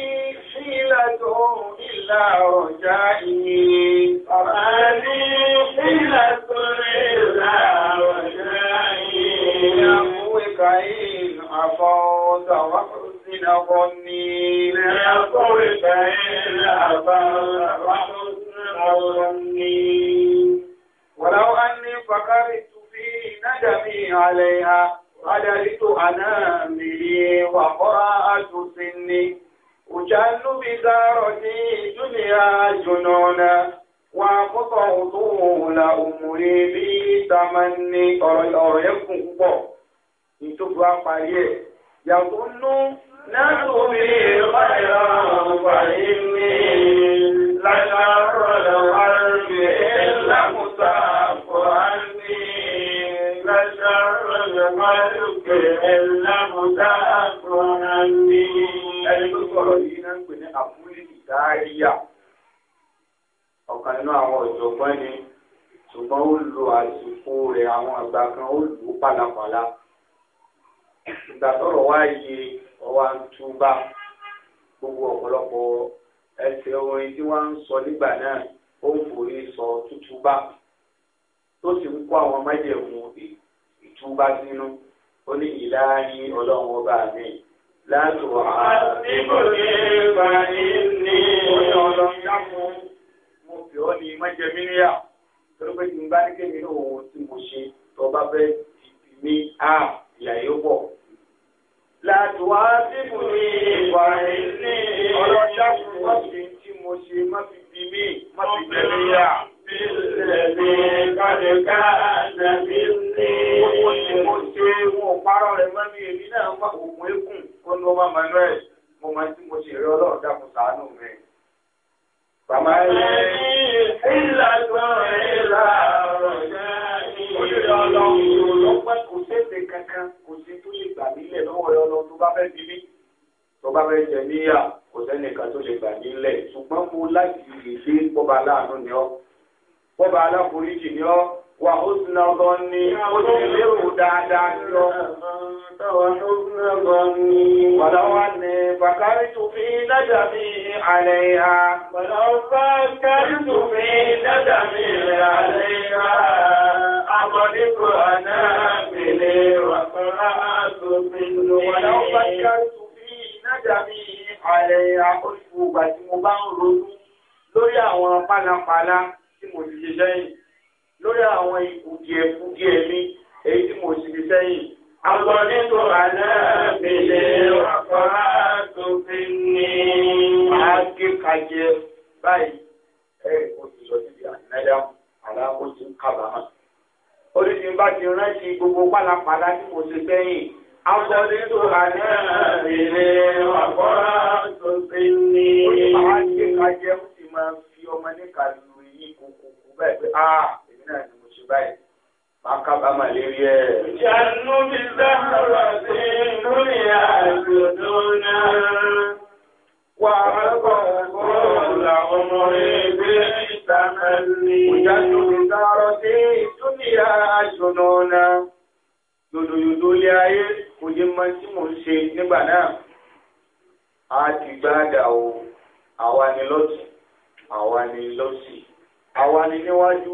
sílẹ̀ tó إلا رجائي فمالي حيلة إلا رجائي يقوك إن أفوت وحسن ظني يقوك إن أفوت وحسن ظني ولو أني فكرت في ندمي عليها قدرت أنامي وقراءة سني أجل بدارتي دنيا جنونا وأقطع طول أمري بتمني ọ̀rọ̀ yẹn kún púpọ̀ nítorí wàá parí ẹ̀ yàtọ̀ nú nẹ́tù mi báyọ̀ parí mi lásàárọ̀ lọ́wọ́ rẹ̀ lámùtà fọ́ánì lásàárọ̀ lọ́wọ́ rẹ̀ lámùtà fọ́ánì ẹni tó sọ̀rọ̀ yìí náà ń pè ní àbúlé ìdáríyà ọ̀kan nínú àwọn ọ̀jọ̀gbọ́n ni ṣùgbọ́n ó lo àsìkò rẹ̀ àwọn àgbà kan ó lò ó pàlàpàlà ìgbà tọrọ wá yé ọwọ́ àtúbà gbogbo ọ̀pọ̀lọpọ̀ ẹsẹ̀ orin tí wọ́n ń sọ nígbà náà ó ń forí sọ tútúbà tó sì ń kó àwọn májèmú ìtúbà sínú ó ní ìlànà ọlọ́run ọba mi láti wà á. àtìkò ní ìbàdí ní ọ̀dọ̀ ìyàwó mo fi ọ́ ní májèmí níyà torí pé kí n bá ní kémi ní òun tí mo ṣe tó bá fẹ́ ti ní a ìyà yóò bọ̀. láti wà á síbù ní ìbàdí ní ọ̀dọ̀ ìyàwó wọ́n fi tí mo ṣe má fi bí mí má fi bẹ̀rẹ̀ yà. Gbogbo tí mo ṣe wọn ò ó ní wọ́n Manuel mo máa tí mo ṣe rí ọlọ́run dákun ṣàánú mi. Bàmá ẹ̀ ìlà tó ìlà ọ̀rọ̀ Olórí ọlọ́run lọ́pẹ́ kò séde kankan kò sí tó lè gbà nílẹ̀ lọ́wọ́ ọlọ́run tó bá fẹ́ bí mí. Tó bá fẹ́ jẹ níyà kò sẹ́nìkan tó lè gbà nílẹ̀. Ṣùgbọ́n mo láti lè dé bọ́ba aláàánú ni ọ́. Bọ́ba aláforíjì ni ọ́ wà húsùnà gan ni ó ti lérò dáadáa lọ. Wàláwà ni bàkárí tó fi dájà mi àlẹ́ ha. Wàláwà kárí tó fi dájà mi àlẹ́ ha. Àbọ̀dípò àná mèlè wàkọ́lá tó fi lò. Wàláwà kárí tó fi dájà mi àlẹ́ ha. Ó ti wù gbà tí mo bá ń ronú lórí àwọn pálapàla tí mo ti ṣe lẹ́yìn lórí àwọn ìkùdìẹ̀kùdìẹ̀ mi èyí tí mo sì fi sẹ́yìn. Àwọn nínú àná mi lè àkọ́rá tó fi ní. Máa gé kajẹ báyìí. Ẹ kò sì lọ síbi ànáyà aláwọ̀ tí ń kábàámà. Oríṣi bá ti rántí gbogbo pálapàla tí mo ṣe sẹ́yìn. Àwọn nínú àná mi lè àkọ́rá tó fi ní. Ó ní máa ó sì máa fi ọmọ níkàlù yìí kúkú bẹ́ẹ̀ pé áà. Ah, náà ni mo ṣe báyìí máa kábàámà lérí ẹ̀. ìyanu mi sábà sí lórí àjòjò náà. wà á bọ̀ bọ́ọ̀lù ọmọ ẹgbẹ́ ìtàkà ni. ìyanu mi sábà sí lórí àjòjò náà. lòdòdòdò lé ayé kò yé máa tí mò ń ṣe nígbà náà. a ti gbáàdà o àwa ni lọ́tún àwa ni lọ́sì àwa ni níwájú.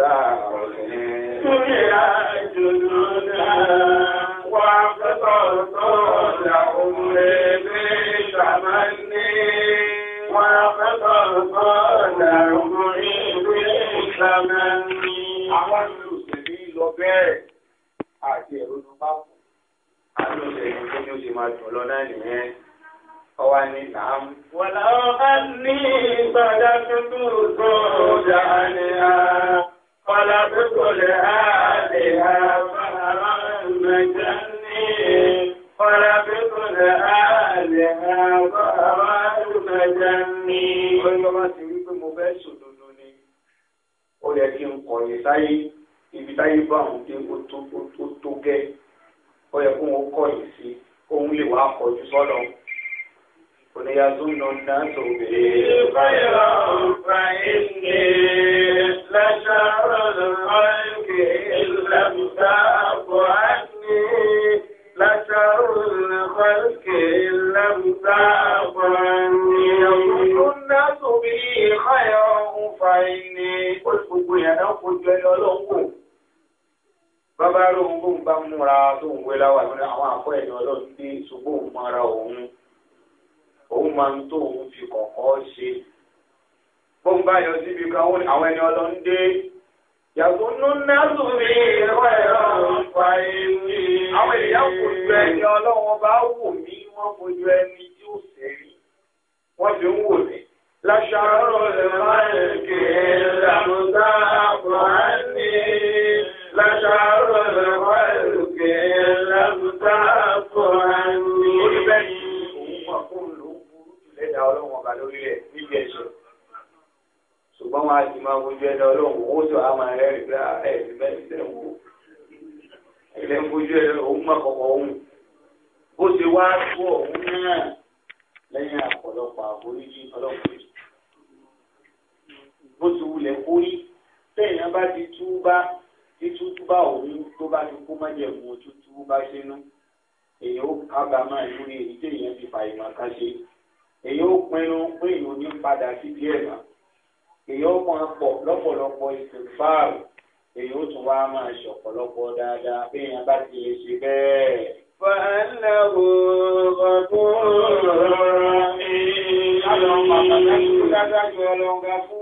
ìgbà bá di túbá tí túbá òun tó bá ti kó májẹ̀mú ojú túbá sínú èyí ó kábàámà lórí èyí tí èyàn ti fà ìmọ̀ ká ṣe èyí ó pinnu pé èyí ní padà sí díẹ̀ mọ́ èyí ó máa pọ̀ lọ́pọ̀lọpọ̀ ìsìnfáàrù èyí ó tún wá máa ṣọ̀pọ̀lọpọ̀ dáadáa bí èèyàn bá ti lè ṣe bẹ́ẹ̀. fàlàwò ọdún rọrùn ní. ká lọ́ọ́ pàtàkì dáadáa ju ọlọ́ngà fún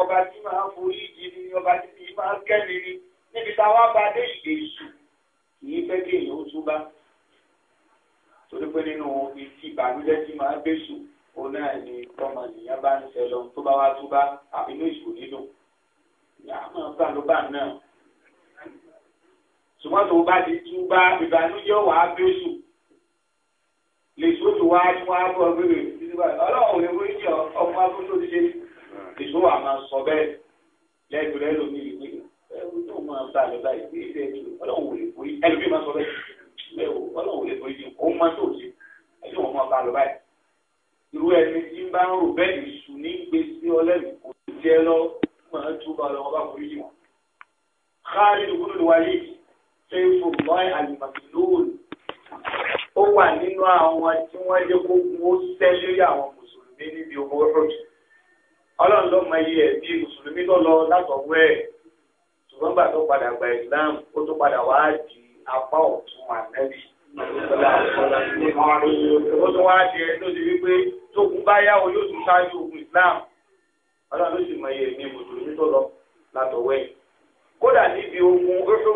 ọba tí máa ń forí ìjì ni ọba tí kì í máa ń kẹ́ni ni níbi táwa bá dé ìgbè sùn kì í fẹ́ kí èèyàn ó túbá torí pé nínú ìtì ìbànújẹ́ tí máa ń gbé sùn òun náà ni ọmọ ènìyàn bá ń ṣe lọ tó bá wá túbá àbínú ìṣòro nínú ìyá máa bá ló bá náà ṣùgbọ́n tó bá ti túbá ìbànújẹ́ wàá gbé sùn lè sọ́tò wá ní wàá bọ̀ gbére ọlọ́run ò lè wọ́n yíyan ọmọ abúlé ti ṣe èso wa máa sọ bẹ́ẹ̀ lẹ́gbẹ̀ẹ́ rẹ lómi ìwé ẹ̀rù yóò máa bá a lọ báyìí pé ilé ẹ̀jú ọlọ́run ò lè borí ẹ̀rù bí máa sọ bẹ́ẹ̀ lẹ́wọ̀ ọlọ́run ò lè borí ju kó máa tó ṣe ẹ̀jú wọn máa bá a lọ báyìí irú ẹni tí ń bá ń rò bẹ́ẹ̀ ìṣù ní gbèsè ọlẹ́rù kò jẹ́ lọ máa tú é fún lọ́ọ̀ àlùmọ̀tìlóòlù ó wà nínú àwọn tí wọ́n jẹ́ kó gun ó sẹ́ lórí àwọn mùsùlùmí níbi owó rọ̀jù ọlọ́run ló mọ iye ẹ̀bí mùsùlùmí tó lọ látọ̀wọ́ ẹ̀ ṣùgbọ́n gbà tó padà gba islam ó tó padà wá di apá ọ̀tún ànábì ó tún wá di ẹni tó ti wípé tókun bá yá o yóò tún ṣáájú ogun islam ọlọ́run ló sì mọ iye ẹ̀bí mùsùlùmí tó lọ látọ̀wọ́ ẹ̀ kódà níbi ogun oṣù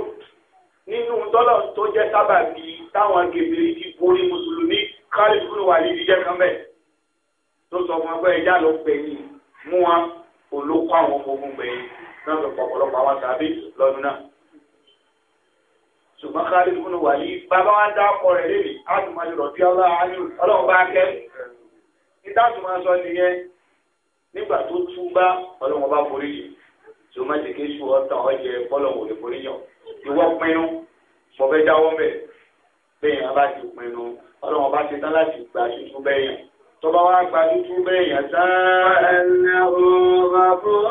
nínú tọ́lọ̀ tó jẹ́ sábàbí táwọn gèbèrè ti borí mùsùlùmí Khalid ibn Walid jẹ́ kan bẹ́ẹ̀ tó sọ fún ọgbẹ́ ìjà ló pè yìí mú wọn olókọ́ àwọn ọmọ ogun gbẹ̀yìn náà fi pọ̀ ọ̀pọ̀lọpọ̀ àwọn tàbí lọ́dún náà ṣùgbọ́n káàdì kúnnù wà yìí bàbá wa dá ọkọ rẹ̀ lélẹ̀ àtùmáyé rọ̀bí ọlọ́run bá kẹ́ níta tó máa sọ nìyẹn nígbà tó túbá ọlọ́run bá forí yìí tó má ti ké su ọ̀tàn ọ̀jẹ̀ ọlọ́run ò lè forí yàn ìwọ pinnu mo dáwọ́ bẹ̀ bẹ́ẹ̀ yẹn bá ti pinnu ọlọ́run bá ti tán láti gbà ṣíṣú tọba wá gba dúdú bẹ́ẹ̀ yàtá ẹ̀nà ọ̀rọ̀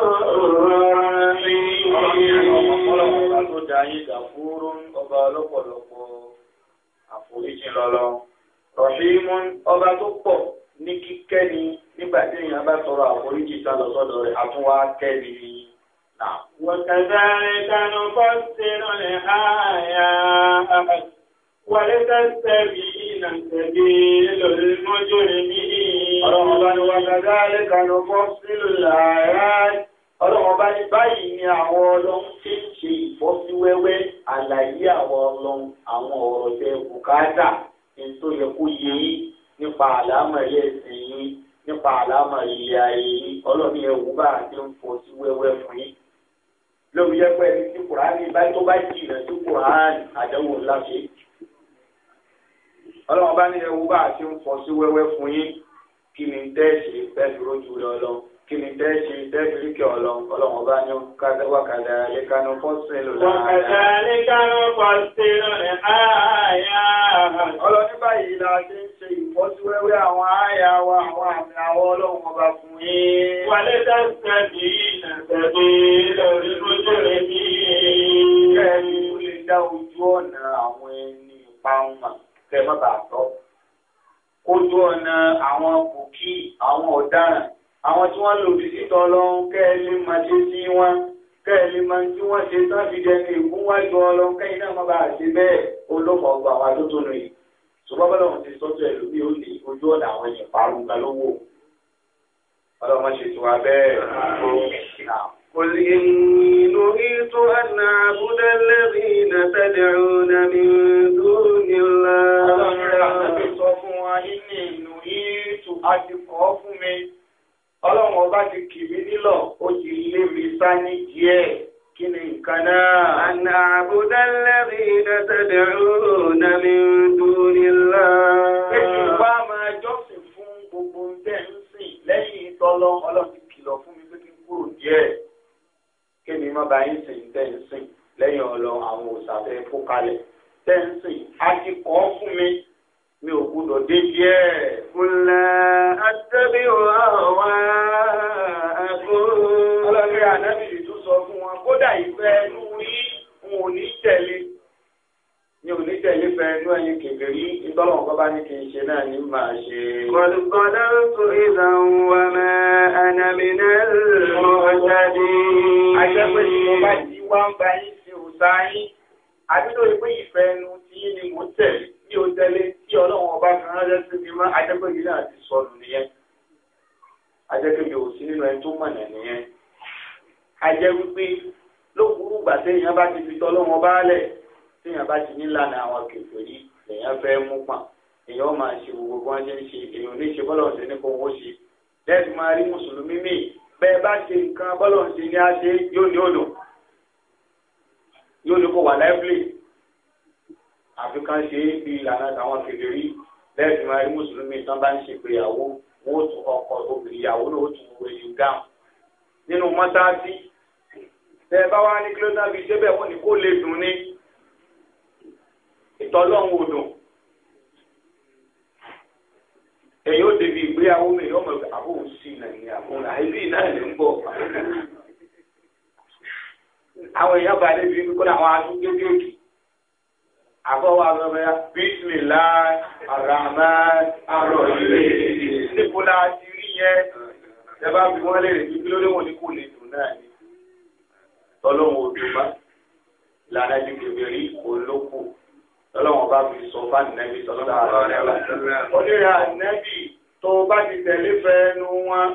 Rọ̀ṣímún ọba tó pọ̀ ní kíkẹ́ni nígbà tí èèyàn bá tọrọ àforíjì ta lọ sọ́dọ̀ rẹ̀ àtúnwá kẹ́ni ni. وكذلك نفسر الآيات ولتستبين سبيل المجرمين ọlọ́run bá ní wọ́n gbàgbá lẹ́kànnì fún sílùú làárá ọlọ́run bá ní báyìí ni àwọn ọlọ́run ti ń ṣe ìfọ́síwẹ́wẹ́ àlàyé àwọn ọlọ́run àwọn ọ̀rọ̀ tẹ bùkátà ní tó yẹ kó yẹ yín nípa àlámọ̀ ilé ẹ̀sìn yín nípa àlámọ̀ ilé ayé yín ọlọ́run yẹn wù bá àti ń fọ́síwẹ́wẹ́ fún yín lórí ẹgbẹ́ ẹni tí kùránì báyìí tó bá jìnnà sí kùránì àdánwò ńlá ọlọ́run bá ní ẹwù bá àti ń fọ́síwẹ́wẹ́ fún yín kí ni tẹ́ẹ̀sì pẹ́ẹ́sì rójú rẹ ọlọ kí ni tẹ́ẹ̀sì tẹ́ẹ̀sì kí ọlọ ọlọ́run bá ní wákàtà àlékanu fọ́sílù rẹ. wákàtà àlékanu fọ́sílù rẹ àyà. ọlọ́ní báyìí la ṣe ń ṣe ìfọ́síwẹ́wẹ́ àwọn àyà wa àwọn àmì àwọn ọlọ́run ọba fún yín. wálé dáṣà bí ìnàgbàgbé lórí lójú rẹ bí. kẹ́ẹ̀ni ó lè dá ojú ọ̀nà àwọn ẹni ìparun mà kẹ́ẹ̀ má bàa tọ́ ojú ọ̀nà àwọn kòkí àwọn ọ̀daràn àwọn tí wọ́n lòdì síta ọlọ́run kẹ́ẹ̀lì máa ṣe sí wọn kẹ́ẹ̀lì máa tí wọ́n ṣe tán fi dẹni ìgúnwájú ọlọ́run kẹ́yìn náà má bàa ṣe bẹ́ẹ̀ olóòfò ọgbà wa tó tónu yìí ṣùgbọ́n bọ́lá wọn ti sọ́tọ̀ ẹ̀ lómi ó ní ojú ọ̀nà àwọn èèyàn parun ga lówó ọlọ́run ṣètò wa bẹ́ẹ̀ قل إني نهيت أن أعبد الذين تدعون من دون الله ọlọ́run ọba ti kì mí nílọ̀ ó ti lé mi sá ní díẹ̀ kí ni nǹkan náà. àná àbúdá lẹ́rìí ìdẹ́tẹ̀dẹ̀ ọ̀nà mi ń dúró nílá. pé kí máa jọ́sìn fún gbogbo ń tẹ̀ ń sìn lẹ́yìn ìtọ́lọ́ ọlọ́run ti kìlọ̀ fún mi pé kí n kúrò díẹ̀ kí ni mo bá yín sìn tẹ́ ń sìn lẹ́yìn ọlọ àwọn òṣàfẹ́ kó kalẹ̀ tẹ́ ń sìn á ti kọ́ fún mi mi ò gbúdọ̀ débi ẹ̀. kùnà àtẹ́bí àwọn akóhùn. ọlọ́run ànábì tún sọ fún wọn kódà ìfẹ́ ẹnu rí wọn ò ní tẹ̀lé mi ò ní tẹ̀lé fẹ́ inú ẹ̀yin kékeré ìtọ́lọ̀ nǹkan bá ní kí n ṣe náà ní màá ṣe. kọ̀dùkọ̀dà tó ìlà ń wà mẹ́ ànàmínà lọ́jàdé. àjẹpẹ́ tí mo bá ti wá ń gba yín sí òòsà yín àdúgbò ìpé ìfẹ́ ẹnu tí yín ni mò ń tẹ̀lé bí o tẹ̀lé tí ọlọ́run ọba kan ránṣẹ́ sí mi mọ́ àjẹpẹ́ yìí náà ti sọnù nìyẹn. àjẹpẹ́ yìí ò sí nínú ẹni tó mọ̀nà nìyẹn. àjẹ wípé lókùrú gbàtẹ́yìn bá ti fi tọ́lọ́run ọba lẹ̀ tíyàn bá ti nílànà àwọn kèfèrí lèyàn fẹ́ mú pọ̀n èyàn ó máa ṣe gbogbo bí wọ́n ṣe ń ṣe èyàn ò ní ṣe bọ́lọ̀ ṣe ní kó wọ́n ṣe lẹ́ẹ̀tì máa rí mùsùlùmí mi bẹ́ẹ̀ bá ṣe nǹkan bọ́lọ̀ ṣe ní á ṣe yóò ní òdò yóò ní kó wà láìpẹ́ àfi kan ṣe é bí ìlànà àwọn kèfèrí lẹ́ẹ̀tì máa rí mùsùlùmí tán bá ń ṣe ìgbéyàwó wọn ó tún ọkọ obìnrin ìyàwó náà ó tún ìtọ́lọ́hún odò èyí ó débi ìgbéyàwó mi yóò mọ̀ pé àbóhùn sí nàìjíríà fún àìsí náà lè ń bọ̀. àwọn èèyàn bá débi kó ní àwọn aṣọ kéékèèké àbọ̀wọ̀ àgbẹ̀bẹ̀yà bísímìlá àràmà àròyé níbo la ti rí yẹn ìjọba fi wọ́n lè rìn bí lórí wọn ní kò lè dùn náà ni tọ́lọ́hún odò bá lànà ìdíkèbèrè olóko lọ́lọ́wọ́n bá fi sọ fáànì nẹ́bí sọ́lọ́dà ó ní ra nẹ́bí tó bá ti tẹ̀lé fẹ́ẹ́nu wọn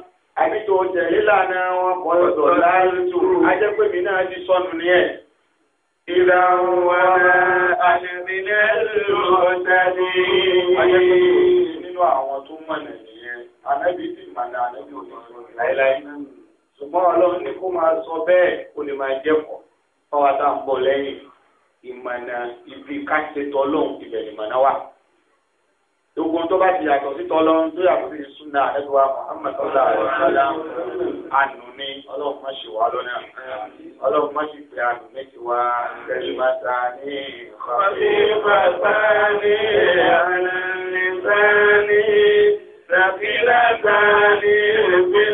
àbí tó tẹ̀lé lànà wọn kọ́ ọ̀dọ̀ láàrútù ajẹ́pẹ̀mí náà ti sọnù ní ẹ̀. ìlà wa àṣẹ̀dínlẹ̀ lọ́tẹ̀lé. ajẹ́pẹ̀mí nínú àwọn tó mọ̀nà nìyẹn anábì ti mọ̀nà anábì ò ní sọ láéláé. ṣùgbọ́n ọlọ́run ní kó máa sọ bẹ́ẹ̀ kó lè máa jẹ́kọ̀ọ́ fáwọn àtàǹbọ̀ lẹ́yìn ìmọ̀nà ibi káṣe tọ́lọ́hún ibẹ̀ ìmọ̀nà wà. gbogbo tó bá ti yàtọ̀ sí tọ́lọ́hún tó yàtọ̀ sí súnà ẹ̀dùn wa Muhammad sọ́lá ọ̀sọ́lá ànú ni ọlọ́run má ṣe wá lọ́nà ọlọ́run má ṣe pé ànú méjì wá kẹ́lẹ́ má ta ní ìfọ̀sí bàbá ní àlẹ́ ní sáà ní sàfílà sáà ní ìrẹ̀gbẹ́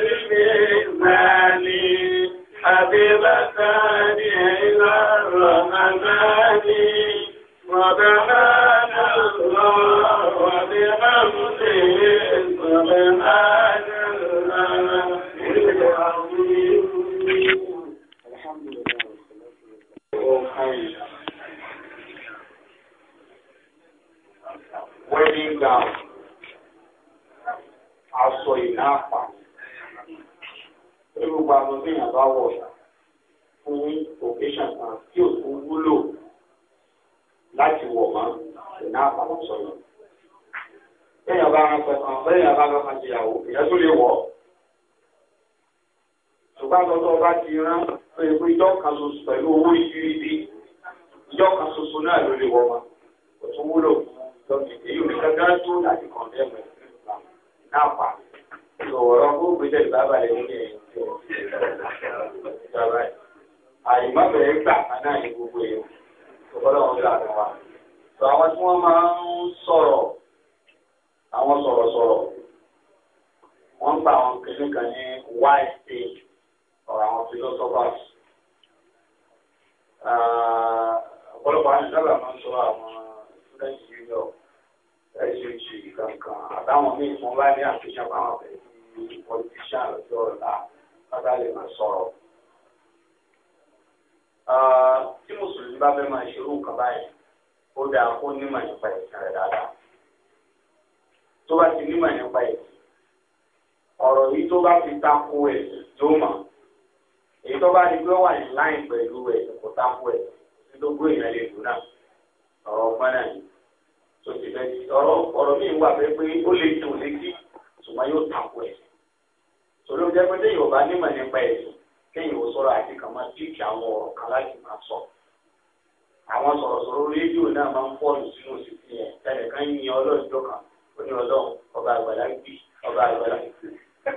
náà máa ń fọ́ọ̀lù sínú òṣèlú yẹn tẹ̀lé kan yin ọlọ́run jọ kan ó ní ọlọ́run ọba àgbàlá gbì ọba àgbàlá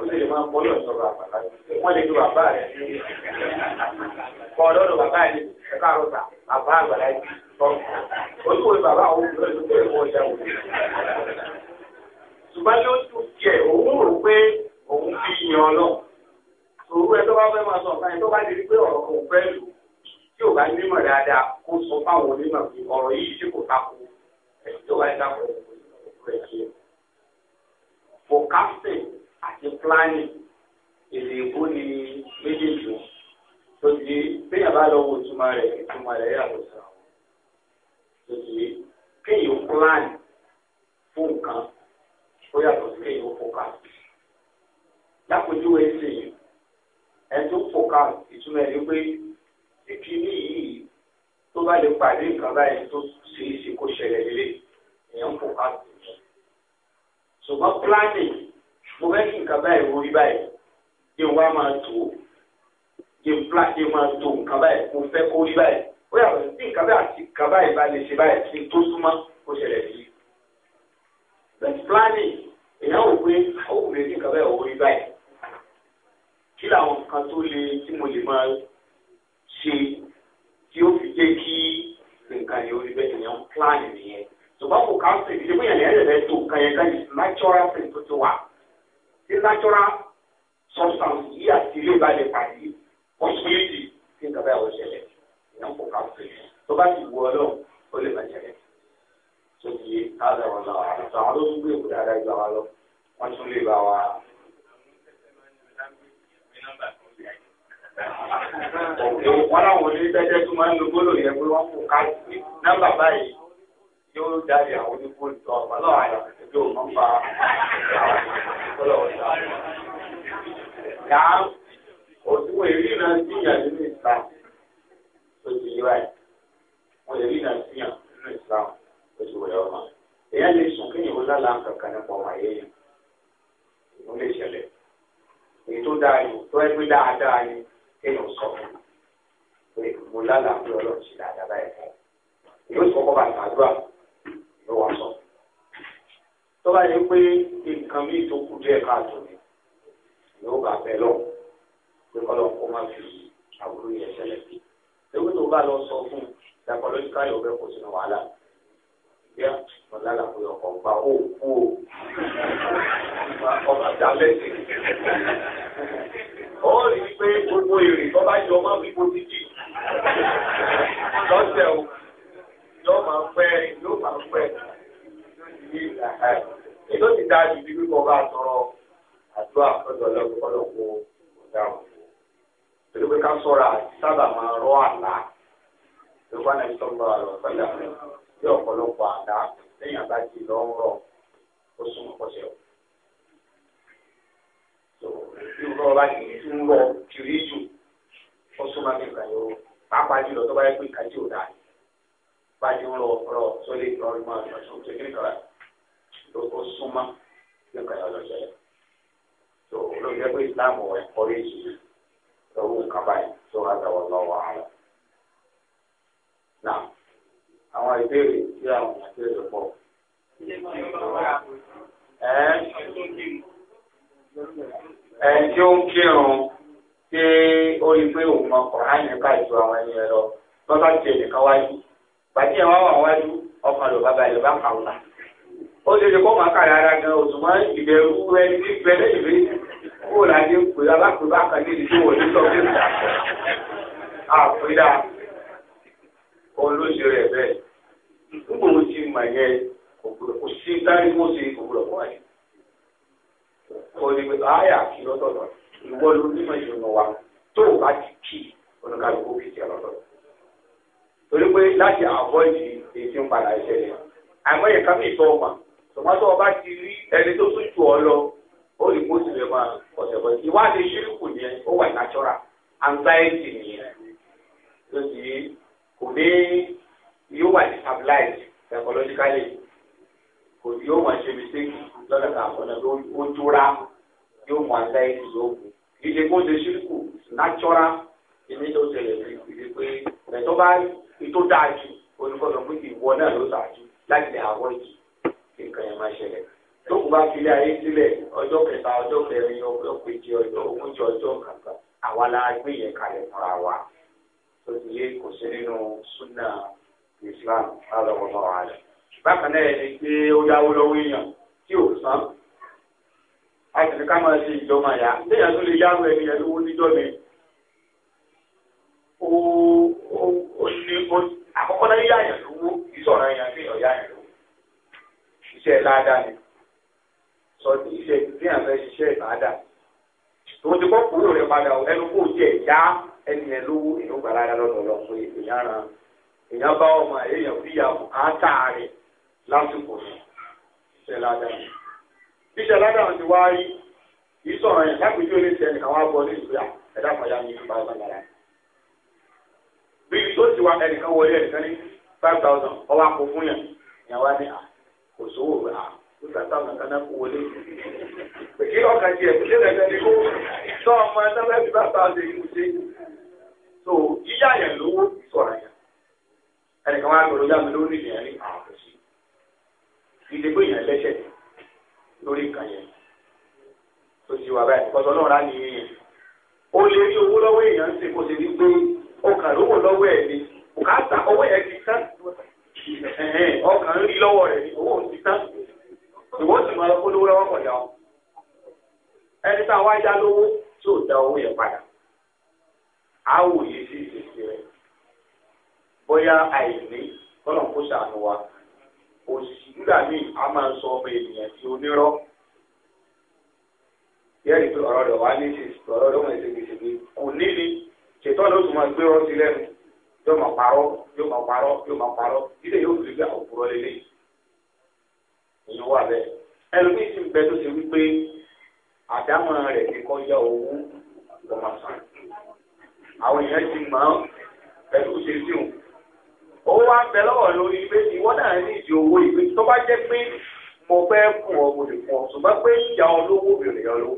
ó sì lè máa fọ́ ọlọ́run ọba àgbàlá wọ́n lè lo bàbá rẹ̀ kọ́ ọlọ́run bàbá rẹ̀ ẹ̀ka àròsà bàbá àgbàlá gbì olùwé bàbá òun ló ń gbé ìwọ ìyá òun ṣùgbọ́n yóò tún jẹ òun rò pé òun fi yan náà òun ẹ tó bá fẹ́ máa sọ ọ̀kan ẹ tó bá lè rí pé ọ̀rọ̀ kò tí o bá nímọ̀ dáadáa kó sọ fáwọn onímọ̀ pé ọ̀rọ̀ yìí ṣe kò tako ẹ̀sìn tó bá yẹ ká pọ̀ rẹ̀ ṣe. forecasting àti planning èdè ìbò ni méjèèjì o tó di béèyàn bá lọ wo ìtumọ̀ rẹ̀ ìtumọ̀ rẹ̀ yàtọ̀ síra wọn. tó di kéèyàn plan fún nǹkan ó yàtọ̀ sí kéèyàn forecast. lápòjúwe ṣe ẹni tó forecast ìtumọ̀ ẹ̀ ni pé títí ní yìí tó bá lè pàdé nǹkan báyìí tó ṣe é ṣe kó ṣẹlẹ̀ lé èèyàn ń fòkà tuntun. ṣùgbọ́n planning mo fẹ́ kí nǹkan báyìí wọrí báyìí kí n wá máa tó kí n plan kí n máa tó nǹkan báyìí mo fẹ́ kó rí báyìí ó yàtọ̀ sí nǹkan báyìí àti nǹkan báyìí bá lè ṣe báyìí kí n tó súnmọ́ kó ṣẹlẹ̀ lé. bẹ́ẹ̀ planning èèyàn wò pé ó wù mí kí nǹkan báyìí wọrí báyìí kí làwọn nǹkan tó le tí mo lè máa ṣe tí ó fi jẹ́ kí nǹkan yẹn orí bẹ́ẹ̀ yẹn ń plan nìyẹn ṣùgbọ́n kò ká sí ìdílé bóyá ní ẹ̀rẹ̀ tó nǹkan yẹn ká yìí natural thing tó ti wà tí natural substance yìí àti ilé ìbálẹ̀ pàdé possibility tí nǹkan báyà ó ṣẹlẹ̀ ìyẹn kò ká sí tó bá ti wù ọ lọ ó lè má ṣẹlẹ̀ tó ti yé ká lọ́wọ́ náà àwọn tó ń gbé ìwé dáadáa ìgbà lọ wọ́n tún lè bá wa. wọn náà wò ní tẹ́tẹ́ tó máa ń lo gbólóò yẹn pé wọ́n kò káàkiri nọ́mbà báyìí yóò dárí àwọn onífóònù tó ọ̀pọ̀ lọ́wọ́ àyà yóò nọ́mbà àwọn ìfọlọ́wọ́ tó ọ̀pọ̀. Yàá òdiwọ̀n èrí náà síyàn nínú ìsìlá oṣù yìí báyìí wọ́n èrí náà síyàn nínú ìsìlá oṣù wẹ̀ ọmọ. Èyàn lè sùn kí ìwọ lálá kankan nípa ọmọ ayé yẹn. Ìwọ lè ṣẹlẹ̀. Èyí tó dáa yìí tó ẹgbẹ́ dáadáa yìí kéèyàn sọ fún o pé mo lálàá pé ọlọ́run ṣe dáadáa báyìí fún mi yóò sọ kọ́ bá ṣàdúrà ló wà sọ. tó bá yẹ pé nǹkan mi tó kú díẹ̀ káàtó ni yóò bá bẹ́ẹ̀ lọ pé kọ́lọ́ kó má fi àbúrò yẹn ṣẹlẹ̀ bí. ewu tó bá lọ sọ fún dàpọ̀lọ́jíkà yóò bẹ́ẹ̀ kó sínú wàhálà yẹ mo lálàá pé ọkọ̀ gba òkú o ọba dálẹ́sì ó rí i pé gbogbo èrè tó bá yọ máa wípé títì lọ́sẹ̀ o yóò máa pẹ́ yóò máa pẹ́ èyí ó ti dáa jù bí wípé ọba àtọrọ àdúrà lọ́dọ̀ ọlọ́pọ̀lọpọ̀ ọ̀daràn pẹ̀lú pé ká sọ̀rọ̀ àti sábà máa rọ́ àlá lọ́wọ́ náà sọ̀rọ̀ àlọ́ pẹ̀lú àwọn ọ̀pọ̀lọpọ̀ àlá lẹ́yìn àbájí lọ́rọ̀ ó súnmọ́ pọ̀ṣẹ̀ o. tó ọba yìí ti ń lọ kiri jù ó súnmọ́ kí nǹkan yóò pàápàá jùlọ tó bá yẹ pé kájí ò dáa bá jù ń lọ ọ̀rọ̀ sólè lọ́rọ̀ ìmọ̀ àti ọ̀ṣun tó kí nìkan ló ó súnmọ́ kí nǹkan yóò lọ jẹlẹ̀ tó ló jẹ́ pé Islam ọ̀ ẹ̀kọ́ rí jù lọ́wọ́ nǹkan tó wá tàwọn lọ́wọ́ àwọn. Náà àwọn ìbéèrè tí àwọn ìbéèrè pọ̀. Ẹ́ ẹni o ó ń kírun ṣé ó rí pé òun máa kọ̀ láyìn nípa ìjọ àwọn ẹni ẹ̀rọ lọ́sọ̀ tí ẹnìkan wájú gbàtí ẹ̀ wá wà wájú ọkàn ló bá ara gan òṣùmọ́ ìbẹ̀rù ẹni tí bẹ̀rẹ̀ ìwé kúrò láti ń pè abápè bá kàn ní wọlé nígbà wo ti kò ní pé àyà lọ́tọ̀ọ̀tọ̀ ìwọ ló nímọ̀ ìṣòro wa tó o bá ti kì í olùkàlùkù kì í ti ọlọ́tọ̀ọ̀tọ̀ torí pé láti avoid èsì ń padà ìṣẹ̀lẹ̀ àmọ́ yẹ kámi ìtọ́ ọmọ tòmátò ọba ti rí ẹni tó tún jù ọ lọ ó lè kó sílẹ̀ máa ọ̀sẹ̀ bọ̀ ìwádìí ṣírùkù yẹn ó wà natural anxiety nìyẹn ló ti kò ní yóò wà destabilized psychologically kò yóò wọ́n ṣe mistake lọ́dọ̀ kan àkọ́nà tó ó jóra yóò mú àṣà èyí yóò kú ìdè kó ṣe ṣírkù nàchọ́ra ìdí tó ṣẹlẹ̀ sí ìdí pé ẹ̀tọ́ bá ètò dáa jù olùkọ́sọ pé ìwọ náà ló dáa jù láti lè àwọ̀ ìjì kí nǹkan yẹn máa ṣẹlẹ̀ tó bá kílé ayé sílẹ̀ ọjọ́ kẹta ọjọ́ kẹrin ọjọ́ kejì ọjọ́ ogójì ọjọ́ kankan àwa la gbé yẹn kalẹ̀ fúnra wa tó ti yé kò sí nínú súnà Islam lálọ́ wọn náà wà lẹ́yìn bákan náà ẹni pé ó yáwó lọ́wọ́ èèyàn tí ò san àìsàn ká máa ṣe ìjọba yá léèyàn tó lè yáwó ẹni yẹn lówó níjọ́ mi ó ó ní àkọ́kọ́ náà yíyá yẹn lówó ìsọ̀rọ̀ yẹn fi hàn yá yẹn lówó iṣẹ́ ládàá ni sọ ní iṣẹ́ ìdíyàn fẹ́ ṣiṣẹ́ ìbáadà tòun ti kọ́ kúrò rẹ̀ padà ẹnu kò jẹ́ ìyá ẹni yẹn lówó èèyàn gbàlára lọ́dọọdọ fún èèyàn ràn èèyàn bá ọmọ èèyàn fìyà bùkátà lásìkò ṣẹlẹ̀ àdáni bí ṣẹlẹ̀ àdáni ti wá rí yìí sọ̀rọ̀ yẹn lápèjú ilé tẹ̀ nìkan wá bọ̀ ní ìgbéyà ẹ̀dá fàyà ní ìgbà ọ̀gá lára bí tó ti wá ẹnìkan wọlé ẹnìkan ní five thousand ọwọ́ àpò fún yẹn ìyẹn wá ní à ah, kò sówó rẹ̀ à kó sàtà nǹkan náà kó wọlé pèkí ọkàn tiẹ̀ kò lè lẹ́sẹ̀ ní kó sọ ọmọ ẹ̀ sábẹ́ bí bá thousand yìí ṣe so yíyá yẹn lówó sọ̀rọ̀ yẹn ẹnìkan wá gbọ́dọ̀ yá mi lórí ìyẹn ní ah, ìdè pé èèyàn lẹ́sẹ̀ lórí nǹkan yẹn tó ti wà báyìí kọ́sọ́ náà rà ní yẹn ó lè rí owó lọ́wọ́ èèyàn ṣe kó ṣe ní pé ọkàn lówó lọ́wọ́ ẹ̀ ni bùkátà ọwọ́ ẹ̀ ti tán ọkàn rí lọ́wọ́ rẹ̀ ni owó ti tán ìwọ́n sì máa polówó lọ́wọ́ pọ̀ yà ẹni tá a wá já lówó tí ò da owó yẹn padà á wòye sí ìṣèṣe rẹ̀ bóyá àìní kọ́nà kó ṣàánú wa òṣìṣì nígbà míì a máa ń sọ ọmọ ènìyàn tí onírọ́ yẹ́rì pé ọ̀rọ̀ rẹ̀ wá ní ṣe ọ̀rọ̀ rẹ̀ wọ́n ṣe gbèsè ní kò níbi ṣètọ́ ló tún máa gbé ọ́ sí lẹ́nu yóò máa parọ́ yóò máa parọ́ yóò máa parọ́ ilé yóò fi gbé òpùrọ́ lélẹ̀ èèyàn wà bẹ́ẹ̀ ẹlòmíì sì ń bẹ tó ṣe wípé àdámọ̀ rẹ̀ ti kọjá owó lọ́mọ sàn àwọn èèyàn ti mọ̀ ọ́ owó wa ń bẹ lọ́wọ́ lórí pé ìwọ náà ní ìdí owó ìpè tó bá jẹ́ pé mo fẹ́ kùn ọ mo lè kùn ọ ṣùgbọ́n pé ìyá olówó mi ò lè yọ lówó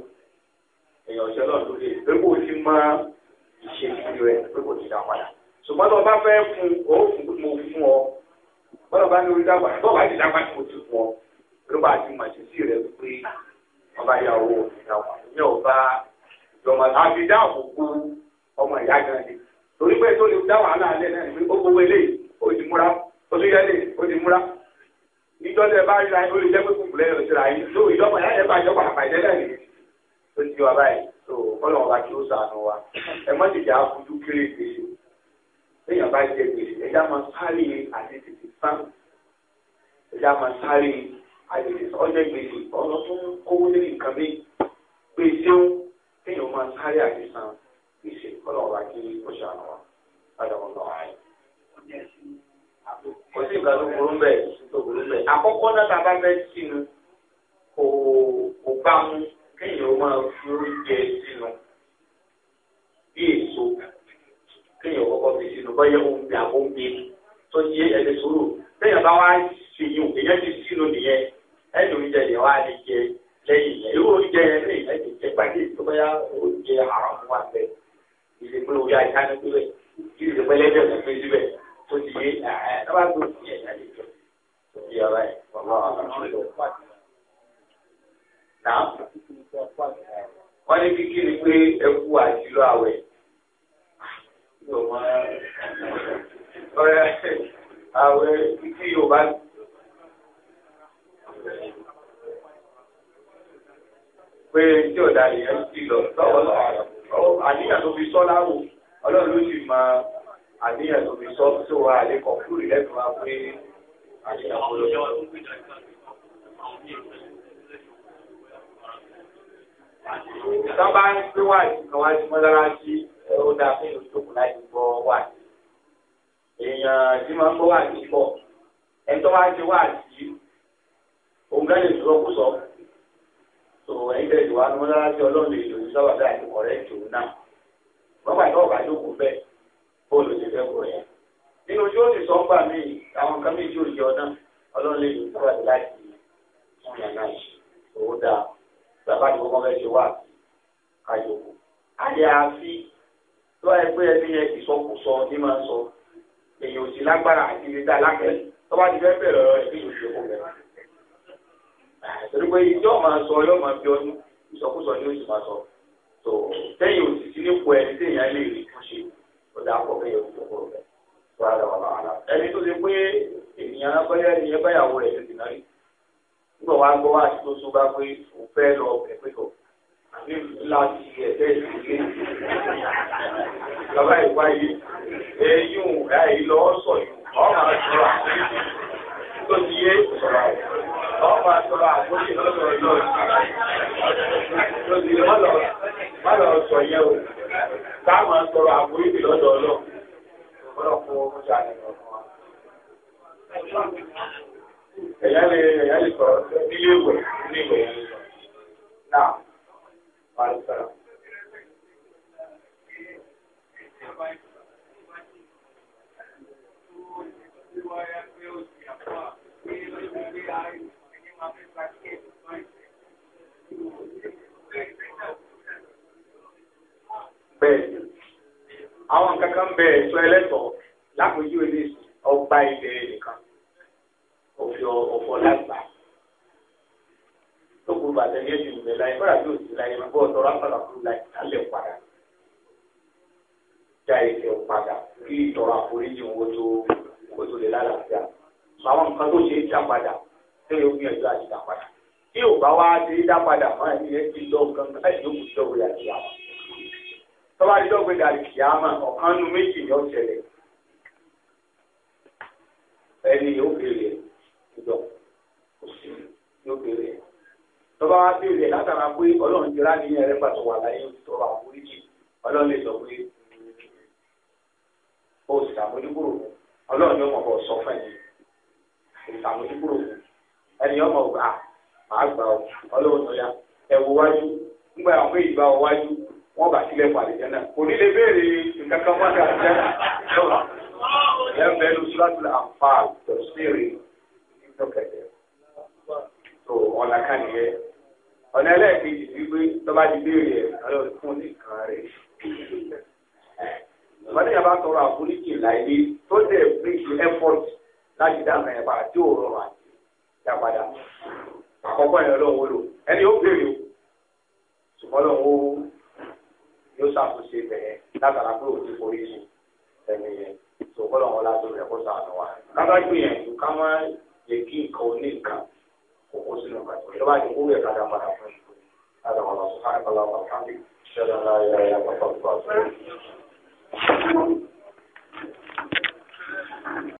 èèyàn ṣe lọ́ọ̀ lórí pé kò sí máa ìṣe ìlú rẹ̀ pé kò ní dá padà ṣùgbọ́n tó bá fẹ́ fún o fún mo fún ọ bọ́dọ̀ bá ní orí dá tó bá ti dá padà mo ti fún ọ ló bá ti mọ̀ sí sí rẹ̀ pé ọba ìyá owó ìyá wà ní ọba ìjọba àti dá àkókò ìyá gan ni torí pé ó ti múra ó tún yẹlé ó ti múra níjọ́ tẹ bá rí láyé ó lè jẹ́ pé kùkù lẹ́yìn òsì láyé tó ìjọba yá yẹn bá ìjọba àpàjẹ́ náà nìyí tó ti wá báyìí tó kọ́nà ọba kí ó sànù wa ẹ mọ́ tètè àfojú kéré gbèsè lẹ́yìn ọba jẹ gbèsè ẹ̀dá máa sáré àti tètè sán ẹ̀dá máa sáré àti tètè sán ọjọ́ gbèsè ọ̀nà tó ń kówó lé nǹkan mi gbèsè ó lẹ́yìn ọba sáré àti sán gbèsè kọ́nà ọba kí ó sànù wa. هذا والله kò sí ìgbà tó burú mbẹ tó burú mbẹ àkọ́kọ́ náà tá a bá fẹ́ sínú kò kò bá mu kéèyàn máa fi oúnjẹ sínú bí èso kéèyàn kọ́kọ́ fi sínú bóyá oúnjẹ àwọn oúnjẹ tó yé ẹni sòrò téèyàn bá wá ṣe yìí èèyàn ti sínú nìyẹn ẹni oúnjẹ yẹn wá lè jẹ lẹ́yìn yẹn irú oúnjẹ yẹn lè ẹni jẹ pàdé tó bóyá oúnjẹ àrùn wà bẹ ìdìbò orí ajá ní síbẹ̀ ìdìbò ẹlẹ́dẹ̀ fún mi síbẹ̀ tó ti yé ẹ̀ ẹ́ bá tó ti ẹ̀yà lè jọ tó ti ọ̀rọ̀ ẹ̀ ọ̀rọ̀ ọ̀rọ̀ náà wọ́n ní kíkiri pé ẹkú àjùlọ àwẹ̀ àwẹ̀ títí yorùbá. pé tí ọ̀dà yẹn ti lọ lọ́wọ́ lọ́wọ́ àníyàn tó fi sọ́lá wò ọlọ́run ló sì máa àníyàn tó fi sọ tó wa àlè kọ fún ìlẹ́nu wa pé àṣà ọlọ́jọ́. Tọ́ bá ń gbé wà nìkan wá sí mọ́lára sí ẹ̀rọ dáa fún ìlú tó kù láti gbọ́ wà. Èèyàn tí máa ń gbọ́ wà sí pọ̀. Ẹni tó bá ń ṣe wà sí òun gán lè sọ̀rọ̀ kó sọ. Tò ẹ̀yin tẹ̀sí wa ní mọ́lára sí ọlọ́run lè lòdì sábà dáa ní ọ̀rẹ́ ìṣòro náà. Wọ́n gbàgbọ́ ọ̀gá jókòó bẹ́ẹ̀ bóòlù ti fẹ́ kó yẹn nínú tí ó sì sọ ń gbà mí àwọn kan méjì òjì ọdún ọlọ́run lè yìí kúrò láti fún yàn náà owó dáa bàbá ni wọ́n fẹ́ ṣe wá àyòkù àyàfi tó ẹ pé ẹni yẹn ìsọkùsọ ní máa sọ èyí ò sí lágbára àti lè dá lákẹ́ tó bá ti fẹ́ bẹ̀rẹ̀ ọ̀rọ̀ ìbí ìṣòwò bẹ̀rẹ̀ torí pé ìjọ máa sọ yóò máa bí ọdún ìsọkúsọ ni ó sì máa sọ tó tẹ́yìn òsì sí nípò ẹni téèyàn lè rí fún ṣe ó dà pọ̀ kéèyàn ó dúró rẹ̀ tó ara wà lára. ẹni tó ti pé ènìyàn bẹ́yà ènìyàn báyàwó rẹ̀ lóde náà rí nígbà wàá gbọ́ wá sí tó sún bá pé òun fẹ́ lọ ọbẹ̀ pé kọ̀ àbí láti ẹ̀fẹ́ ìdílé bàbá ìwáyé ẹ̀yún ẹ̀yìn lọ́ọ́ sọ̀yún ọ̀ọ́ máa sọ̀rọ̀ àkóyè tó ti yé sọ̀rọ̀ àkóyè ọmọ àtọrọ àgbóyè lọ́dọ̀ ọlọ́run ló ti lọ́lọ́ má lọ sọ yẹ o káwọn sọ̀rọ̀ àforíjì lọ́dọ̀ ọlọ́run ọlọ́pọ̀ ni ọ̀gbọ́n. ẹ̀yà lè ẹ̀yà lè sọ̀rọ̀ nílé ìwẹ̀ nílé ìwẹ̀ Thank you. bẹ́ẹ̀ ni àwọn nǹkan kan bẹ ẹ̀tọ́ ẹlẹ́tọ̀ọ́ lápòjú ilé ọgbà ilẹ̀ nìkan ọ̀fọ̀ lágbà tó kú ìgbẹ́ láyé yóò sí láyé máa bọ́ láyé padà já ìfẹ́ padà kí ìtọ́rọ àforíjì owó tó owó tó lè lálàáfíà sọ àwọn nǹkan tó ṣe é padà tẹ́lẹ̀ àti dá padà tí ò bá wá ṣe dá padà yóò tọ́ba àdìjọ́ pé dàrí kìámà ọ̀kan nu méjì ni ó ẹni yóò béèrè ìjọ kò sí yóò béèrè tọ́ba wa béèrè látara pé ọlọ́run ní ẹ̀rẹ́ pàtó wà láyé tọrọ àforíjì ọlọ́run o sì sàmójúkúrò ọlọ́run yóò mọ̀ bọ́ sọ fún ẹ̀yìn ẹni yóò mọ̀ ah, gbà máa gbà ọ ọlọ́run tó yá wájú wọ́n bá sílẹ̀ fún àlejò náà kò ní lè béèrè nǹkan kan wá sí àlejò náà lọ́wọ́ lẹ́ẹ̀mẹ́ ló sọ́láṣí àǹfà tọ̀síìrì nítòkẹ̀tẹ̀ tó ọ̀nà kan nìyẹn ọ̀nà ẹlẹ́ẹ̀kejì ti gbé tọ́ba ti béèrè ẹ̀ ọlọ́run fún nìkan rẹ̀ ìwádìí yàrá tọrọ àforíjì láìlé tó dẹ̀ bíríkì ẹ́fọ́ọ̀tì láti dáhùn ẹ̀ padà tí ò rọrùn àti ìyá àkọ́kọ́ ẹ̀ lọ́wọ́ lò ẹni ó béèrè o ṣùgbọ́n lọ́wọ́ yóò ṣàkóso bẹ̀rẹ̀ látara pé òtí forí sí ẹni yẹn tó gbọ́dọ̀ wọn láti rẹ̀ kó sàánú wa. lábá gbìyànjú ká má lè kí nǹkan oní nǹkan kò kó sínú nǹkan tó yẹ báyìí kó yẹ ká dá padà fún un. هذا والله سبحانك اللهم وبحمدك اشهد ان لا اله الا انت استغفرك واتوب